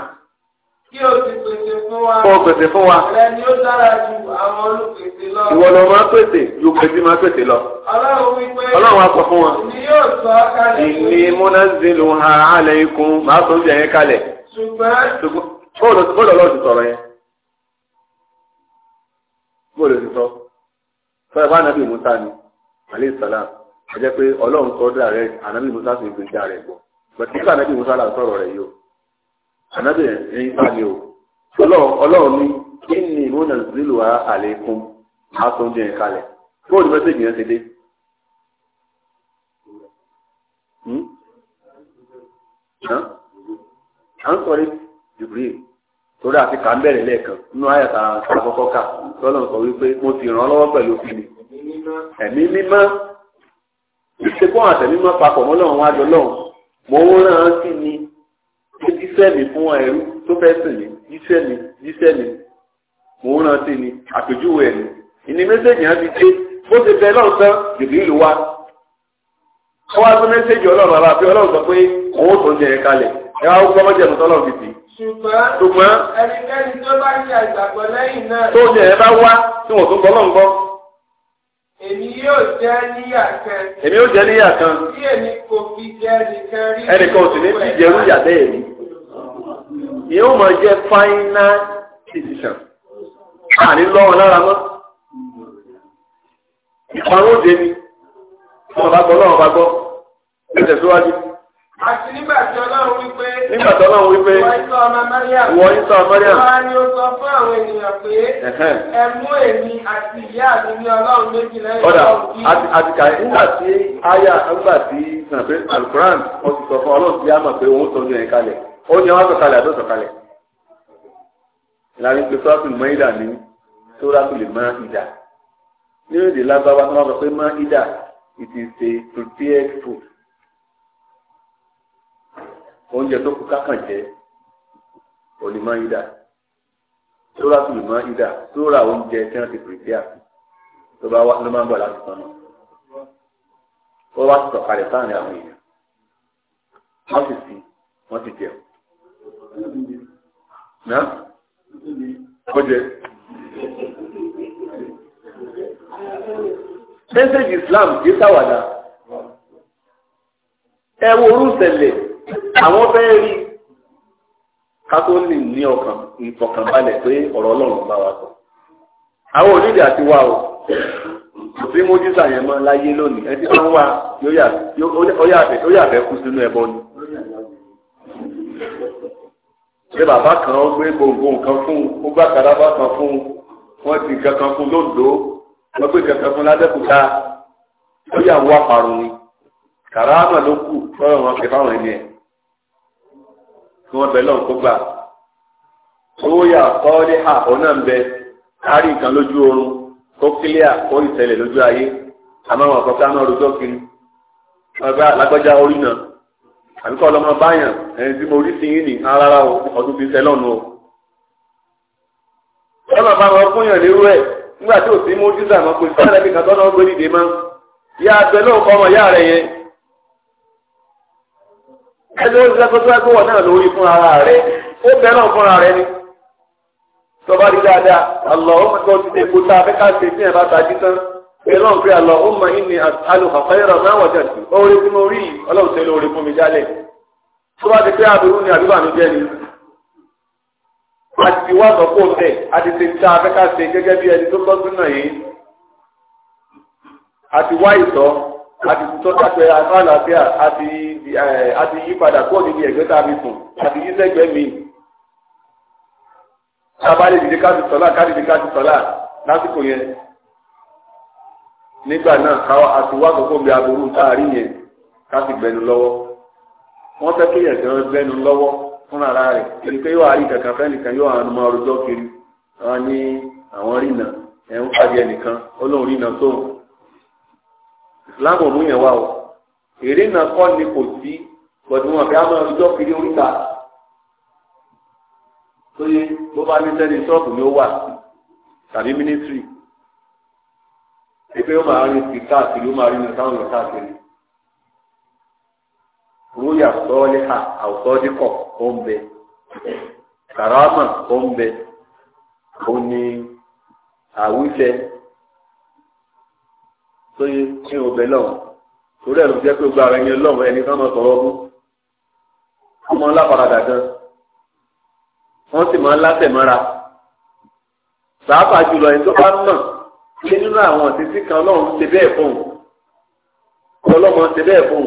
kí o ti pèsè fún wa. kó o pèsè fún wa. rẹ ni ó dára ju àwọn olùpèsè lọ. ìwọ ló máa pèsè ju pèsè máa pèsè lọ. ọlọ́run wípé. ọlọ́run á sọ fún wa. ni yóò sọ ọ́ kalẹ̀. ìní múnazínú ha alẹ́ ikùn máa sọ oúnjẹ yẹn kalẹ̀. ṣùgbọ́n. bóòlù lọ́ọ̀ ti sọ̀rọ̀ yẹn. bóòlù ti sọ. sọ ẹ̀ bá nàbì Musa ni ẹ jẹ́ pé ọlọ́run kọ́ dà rẹ ànábì musa sì fi dà rẹ gbọ́ bàtí kí ànábì musa là sọ̀rọ̀ rẹ yìí o ànábì ẹ̀yin bá mi o ọlọ́run ní kí ni mo nà zílù wa àlékún máa tó ń jẹ yẹn kalẹ̀ bóòlù mẹ́sẹ̀gì yẹn ti dé. à ń sọrí Jibril torí àti kà ń bẹ̀rẹ̀ lẹ́ẹ̀kan nínú àyàtà àkọ́kọ́ kà tọ́lọ̀ sọ wípé mo ti ràn ọ́ lọ́wọ́ pẹ̀lú òfin mi ẹ̀mí mímọ́ ṣe kó àwọn àtẹ̀mí máa papọ̀ mọ́ lọ́wọ́ wájú ọlọ́run mò ń rán sí ni jíṣẹ́ mi fún ẹrú tó fẹ́ sìn mí jíṣẹ́ mi jíṣẹ́ mi mò ń rán sí ni àpèjúwe ẹ̀ ni ìní mẹ́sẹ̀gì yẹn ti dé bó ṣe fẹ́ lọ́run tán jìbìrì ìlú wa ó wá sí mẹ́sẹ̀gì ọlọ́run bàbá pé ọlọ́run sọ pé òun tó ń jẹ yẹn kalẹ̀ ẹ wá gbọ́ mọ́jẹ̀mú tọ́lọ́run fi tì í ṣùgbọ́n ẹnikẹ́ni tó bá ṣe àgbàgbọ́ lẹ́yìn náà tó ń jẹ yẹn bá wá tí wọ́n tó gbọ́ lọ́ngbọ́n èmi yóò jẹ́ níyà kan. èmi yóò jẹ́ níyà kan. tí èmi kò fi jẹ́ nìkan rí. ẹnìkan ò sì ní fi jẹ́rú ìyà bẹ́ẹ̀ ni. ìyẹn ò mọ̀ jẹ́ final decision. a lọ́wọ́ lára mọ́. ìparun òde ni. ọba gbọ́ lọ́wọ́ bá gbọ́. ẹ tẹ̀síwájú àti nígbà tí ọlọ́run wípé. nígbà tí ọlọ́run wípé. wọ́n ń sọ ọmọ mariam. wọ́n ń sọ á ní o sọ fún àwọn ènìyàn pé. ẹ mú èmi àti ìyá mi ní ọlọ́run méjì lẹ́yìn ọlọ́run kí. ọ̀dà àtìkà nígbà tí aya nígbà tí sànfẹ́ alukuran wọ́n sọ fún ọlọ́run tí a mọ̀ pé òun tọ́jú yẹn kalẹ̀ ó ní wọ́n sọ̀kalẹ̀ àbẹ́ sọ̀kalẹ̀. ìlànà ìpè sọ́ọ́sì mọ́ ìdà ní sóràtù lè mọ́ ìdà. nínú ìdè lágbàwá tí wọ́n sọ pé mọ́ ìdà it is a prepared food oúnjẹ tó kù kákàn jẹ onímọ̀ ìdá sóra tó lùmọ̀ ìdá sóra oúnjẹ tí wọ́n ti pèsè àti tó bá wá ló máa ń bọ̀ láti tán náà ó wá sọ̀kalẹ̀ sáàrin àwọn èèyàn wọ́n sì sìn wọ́n ti jẹun náà ó jẹ. mẹ́sẹ̀gì Islam kì í sáwàdà ẹ wo orú ṣẹlẹ̀. àwọn fẹ́ẹ́ rí kátó lè ní ọkàn ìfọkànbalẹ̀ pé ọ̀rọ̀ ọlọ́run bá wa sọ àwọn onídìí àti wa o kò sí mójútà yẹn mọ́ láyé lónìí ẹni tó ń wá ó yà fẹ́ kú sínú ẹbọ ni ṣé bàbá kan gbé gbòǹgbò nǹkan fún un ó gbà kàdábà kan fún un wọ́n ti nǹkan kan fún lóńdó wọ́n gbé nǹkan kan fún ládẹ́kùtà ó yà wá parun ni kàràmà ló kù fọ́nrán wọn kẹfà wọn ni ẹ̀. kí wọ́n bẹ lọ́n kó gbà sóyà kọ́ọ́dé hà ọ̀nà ń bẹ kárí nǹkan lójú oorun kó kílíà kó ìṣẹ̀lẹ̀ lójú ayé àmọ́ àwọn náà rojọ́ kiri ọgbà lágbọ́já orí náà àbí kọ́ ọlọ́mọ báyàn ẹni tí mo rí sí yín ní arára ọdún fi sẹ́lọ̀ nù bá yàn ẹ̀ nígbà tí ò sí mú jíjà mọ́ pé gbé mọ́ ẹni ó sọ pé kó wọn náà lórí fún ara rẹ ó bẹ̀rẹ̀ náà fún ara rẹ ni tọba di dáadáa àlọ́ ó mọ̀tọ́ ti dé kóta abẹ́ká ṣe fi ẹ̀rọ àtàjì tán pẹ̀lú ọ̀n pé àlọ́ ó mọ ìní alùpàpà yẹ̀rọ máa wọ̀ jẹ̀sì oore fún orí ọlọ́run tẹ́lẹ̀ oore fún mi jálẹ̀ tó bá ti pé aburú ni àbí bàmí jẹ́ ni a ti wá sọ fún bẹ́ẹ̀ a ti ṣe ta abẹ́ká ṣe gẹ́gẹ́ bí ẹni tó àti tó dáṣẹ àlàáfíà àti àti yípadà kó níbi ẹgbẹ́ tá a fi sùn àti yíṣẹ́gbẹ́ mi. sábà lè dìde ká ti sọ́lá ká dìde ká ti sọ́lá lásìkò yẹn nígbà náà káwá àti wá kókó bí aburú táàrí yẹn ká sì gbẹnu lọ́wọ́ wọ́n fẹ́ kéèyàn kan gbẹnu lọ́wọ́ fúnra ara rẹ̀ kiri pé yóò àárín kankan fẹ́ nìkan yóò àánú máa rojọ́ kiri wọn ní àwọn rìnà ẹ̀ ń pàdé ẹnìkan ó rìnà tóun islam ò mú yẹn wá o èrè náà kọ́ ni kò sí gbọ̀dọ̀ wọn fẹ́ àwọn ọjọ́ kiri oríta tó yẹ bó bá ní sẹ́ni ṣọ́ọ̀bù ni ó wà tàbí mínísírì ẹgbẹ́ ó máa rìn sí káàkiri ó máa rìn sí táwọn ọ̀tá kiri rúyà sọ́ọ́lẹ́hà àwùsọ́díkọ̀ ó ń bẹ kàrámà ó ń bẹ ó ní àwùjẹ tó yẹ kí o bẹ lọ́wọ́ torí ẹ̀ ló jẹ́ pé gba ẹni ọlọ́run ẹni kan máa sọ̀rọ̀ fún ọmọ ńláparadà gan wọ́n sì máa ń látẹ̀ mọ́ra pàápàá jùlọ ẹni tó bá mọ̀ pé nínú àwọn àtìsí kan ọlọ́run ṣe bẹ́ẹ̀ fún un ọlọ́mọ ṣe bẹ́ẹ̀ fún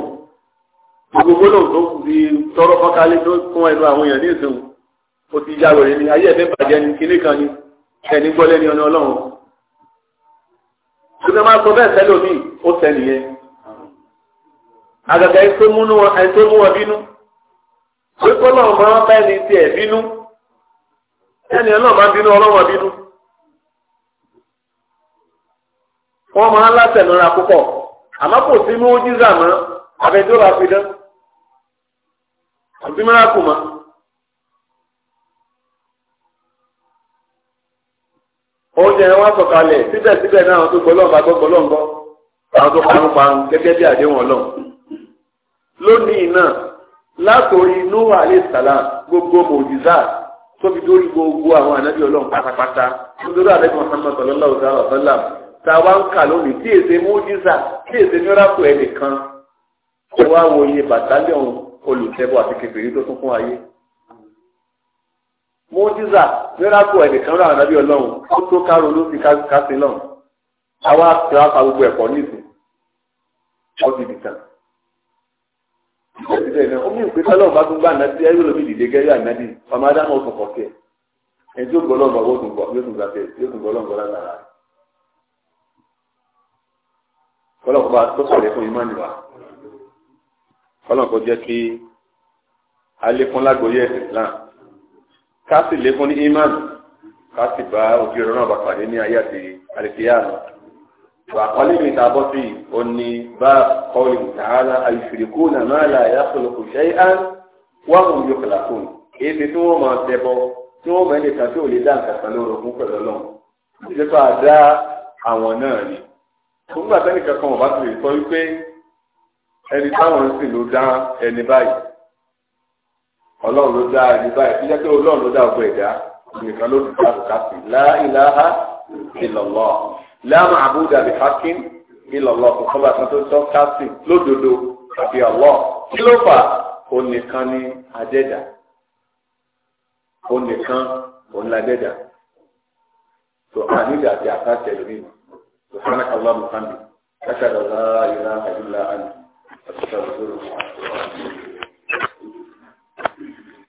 un gbogbo lóun tó fi tọrọ fọ́nkálé tó fún ẹnu àwọn èèyàn ní ìsìn o ti yá wẹ̀rẹ̀ ni ayé ẹ̀fẹ́ bàjẹ́ ni kinní kan ni ẹni gbọ́ lẹ́ni ọ̀nà ọlọ́run. ọjọ́ sọ bẹ́ẹ̀ sẹ́lẹ̀ omi ó sẹ́ni yẹn àgàgà ẹni mú wọn bínú pé kọ́lọ̀ máa bá ẹni tiẹ̀ bínú ẹni ọlọ́ọ̀ bínú ọlọ́wọ́ bínú wọ́n máa látẹ̀nura púpọ̀ àmọ́ kò sí mú jíza mọ́ àbẹ̀dọ́ra fi dán àbí kù mọ́. oúnjẹ wọn sọ̀kalẹ̀ síbẹ̀síbẹ̀ náà àwọn tó gbọ́ lọ́nba gbọ́ gbọ́ lọ́nbọ́ àwọn tó parun parun gẹ́gẹ́ bí àdéhùn ọlọ́run lónìí náà látòrí Nuhu alayhi salam gbogbo mòjìzá tóbi dórí gbogbo àwọn ànábì ọlọ́run pátápátá nítorí àdéhùn Muhammad sallallahu alaihi wa sallam tá a wá ń kà lónìí tí èsè mòjìzá tí èsè mìíràkù ẹnìkan ẹ wá wo iye bàtálíọ̀n olùtẹ́bọ̀ àti kékeré tó tún fún ayé mọ́tíza mẹ́ràkù ẹnìkan rà nàbí ọlọ́run ó tó kárò ló fi kásí lọ́run àwa tó wá pa gbogbo ẹ̀kọ́ nìsín ó ti dìtà. ó mú ìpè tọ́lọ́ bá tún gbà nàbí ẹ̀rọ lómi dìde gẹ́gẹ́ ànábì ọmọ adáná ó tún kọ̀ kẹ́ ẹ̀ tí ó gbọ́ lọ́nà ó tún gbọ́ yóò tún gbà bẹ́ẹ̀ yóò tún gbọ́ lọ́nà lọ́nà rà. kọ́lọ́kọ́ bá tó sọ̀rọ̀ fún imá nìwà ká sì lékún ní imán ká sì bá òbí ọ̀rọ̀ náà bá pàdé ní ayé àti àlìkíyàmù. وقال ابن عباسي أني باب قوله تعالى أيشركون ما لا يخلق شيئا وهم يخلقون إذا تو ما سبوا تو ما نتفعل لذلك فنور مكر لهم إذا فعدا àwọn náà ni fúngbà sẹ́nìkan kan ò ti lè sọ wípé ẹni táwọn ń sìn ló dá ẹni báyìí ọlọ́run ló dá ẹni báyìí fi jẹ́ pé ọlọ́run ló dá ọgbọ ẹ̀dá nìkan ló dá àbùká sí láìláha ìlọ̀lọ́ láàmú àbúdà bí hakim ìlọ̀lọ́ kò kọ́ bá kan tó tọ́ ká sí lódodo àbí ọlọ́ kí ló fà onìkan ní adẹ́dà onìkan onìladẹ́dà tó ànídà àti àtàtẹ̀ lórí tó fẹ́ràn kàlọ́ mùsàmì kẹ́kẹ́ dọ̀lá ìlà àdúrà àná àti sọ̀rọ̀ sọ̀rọ̀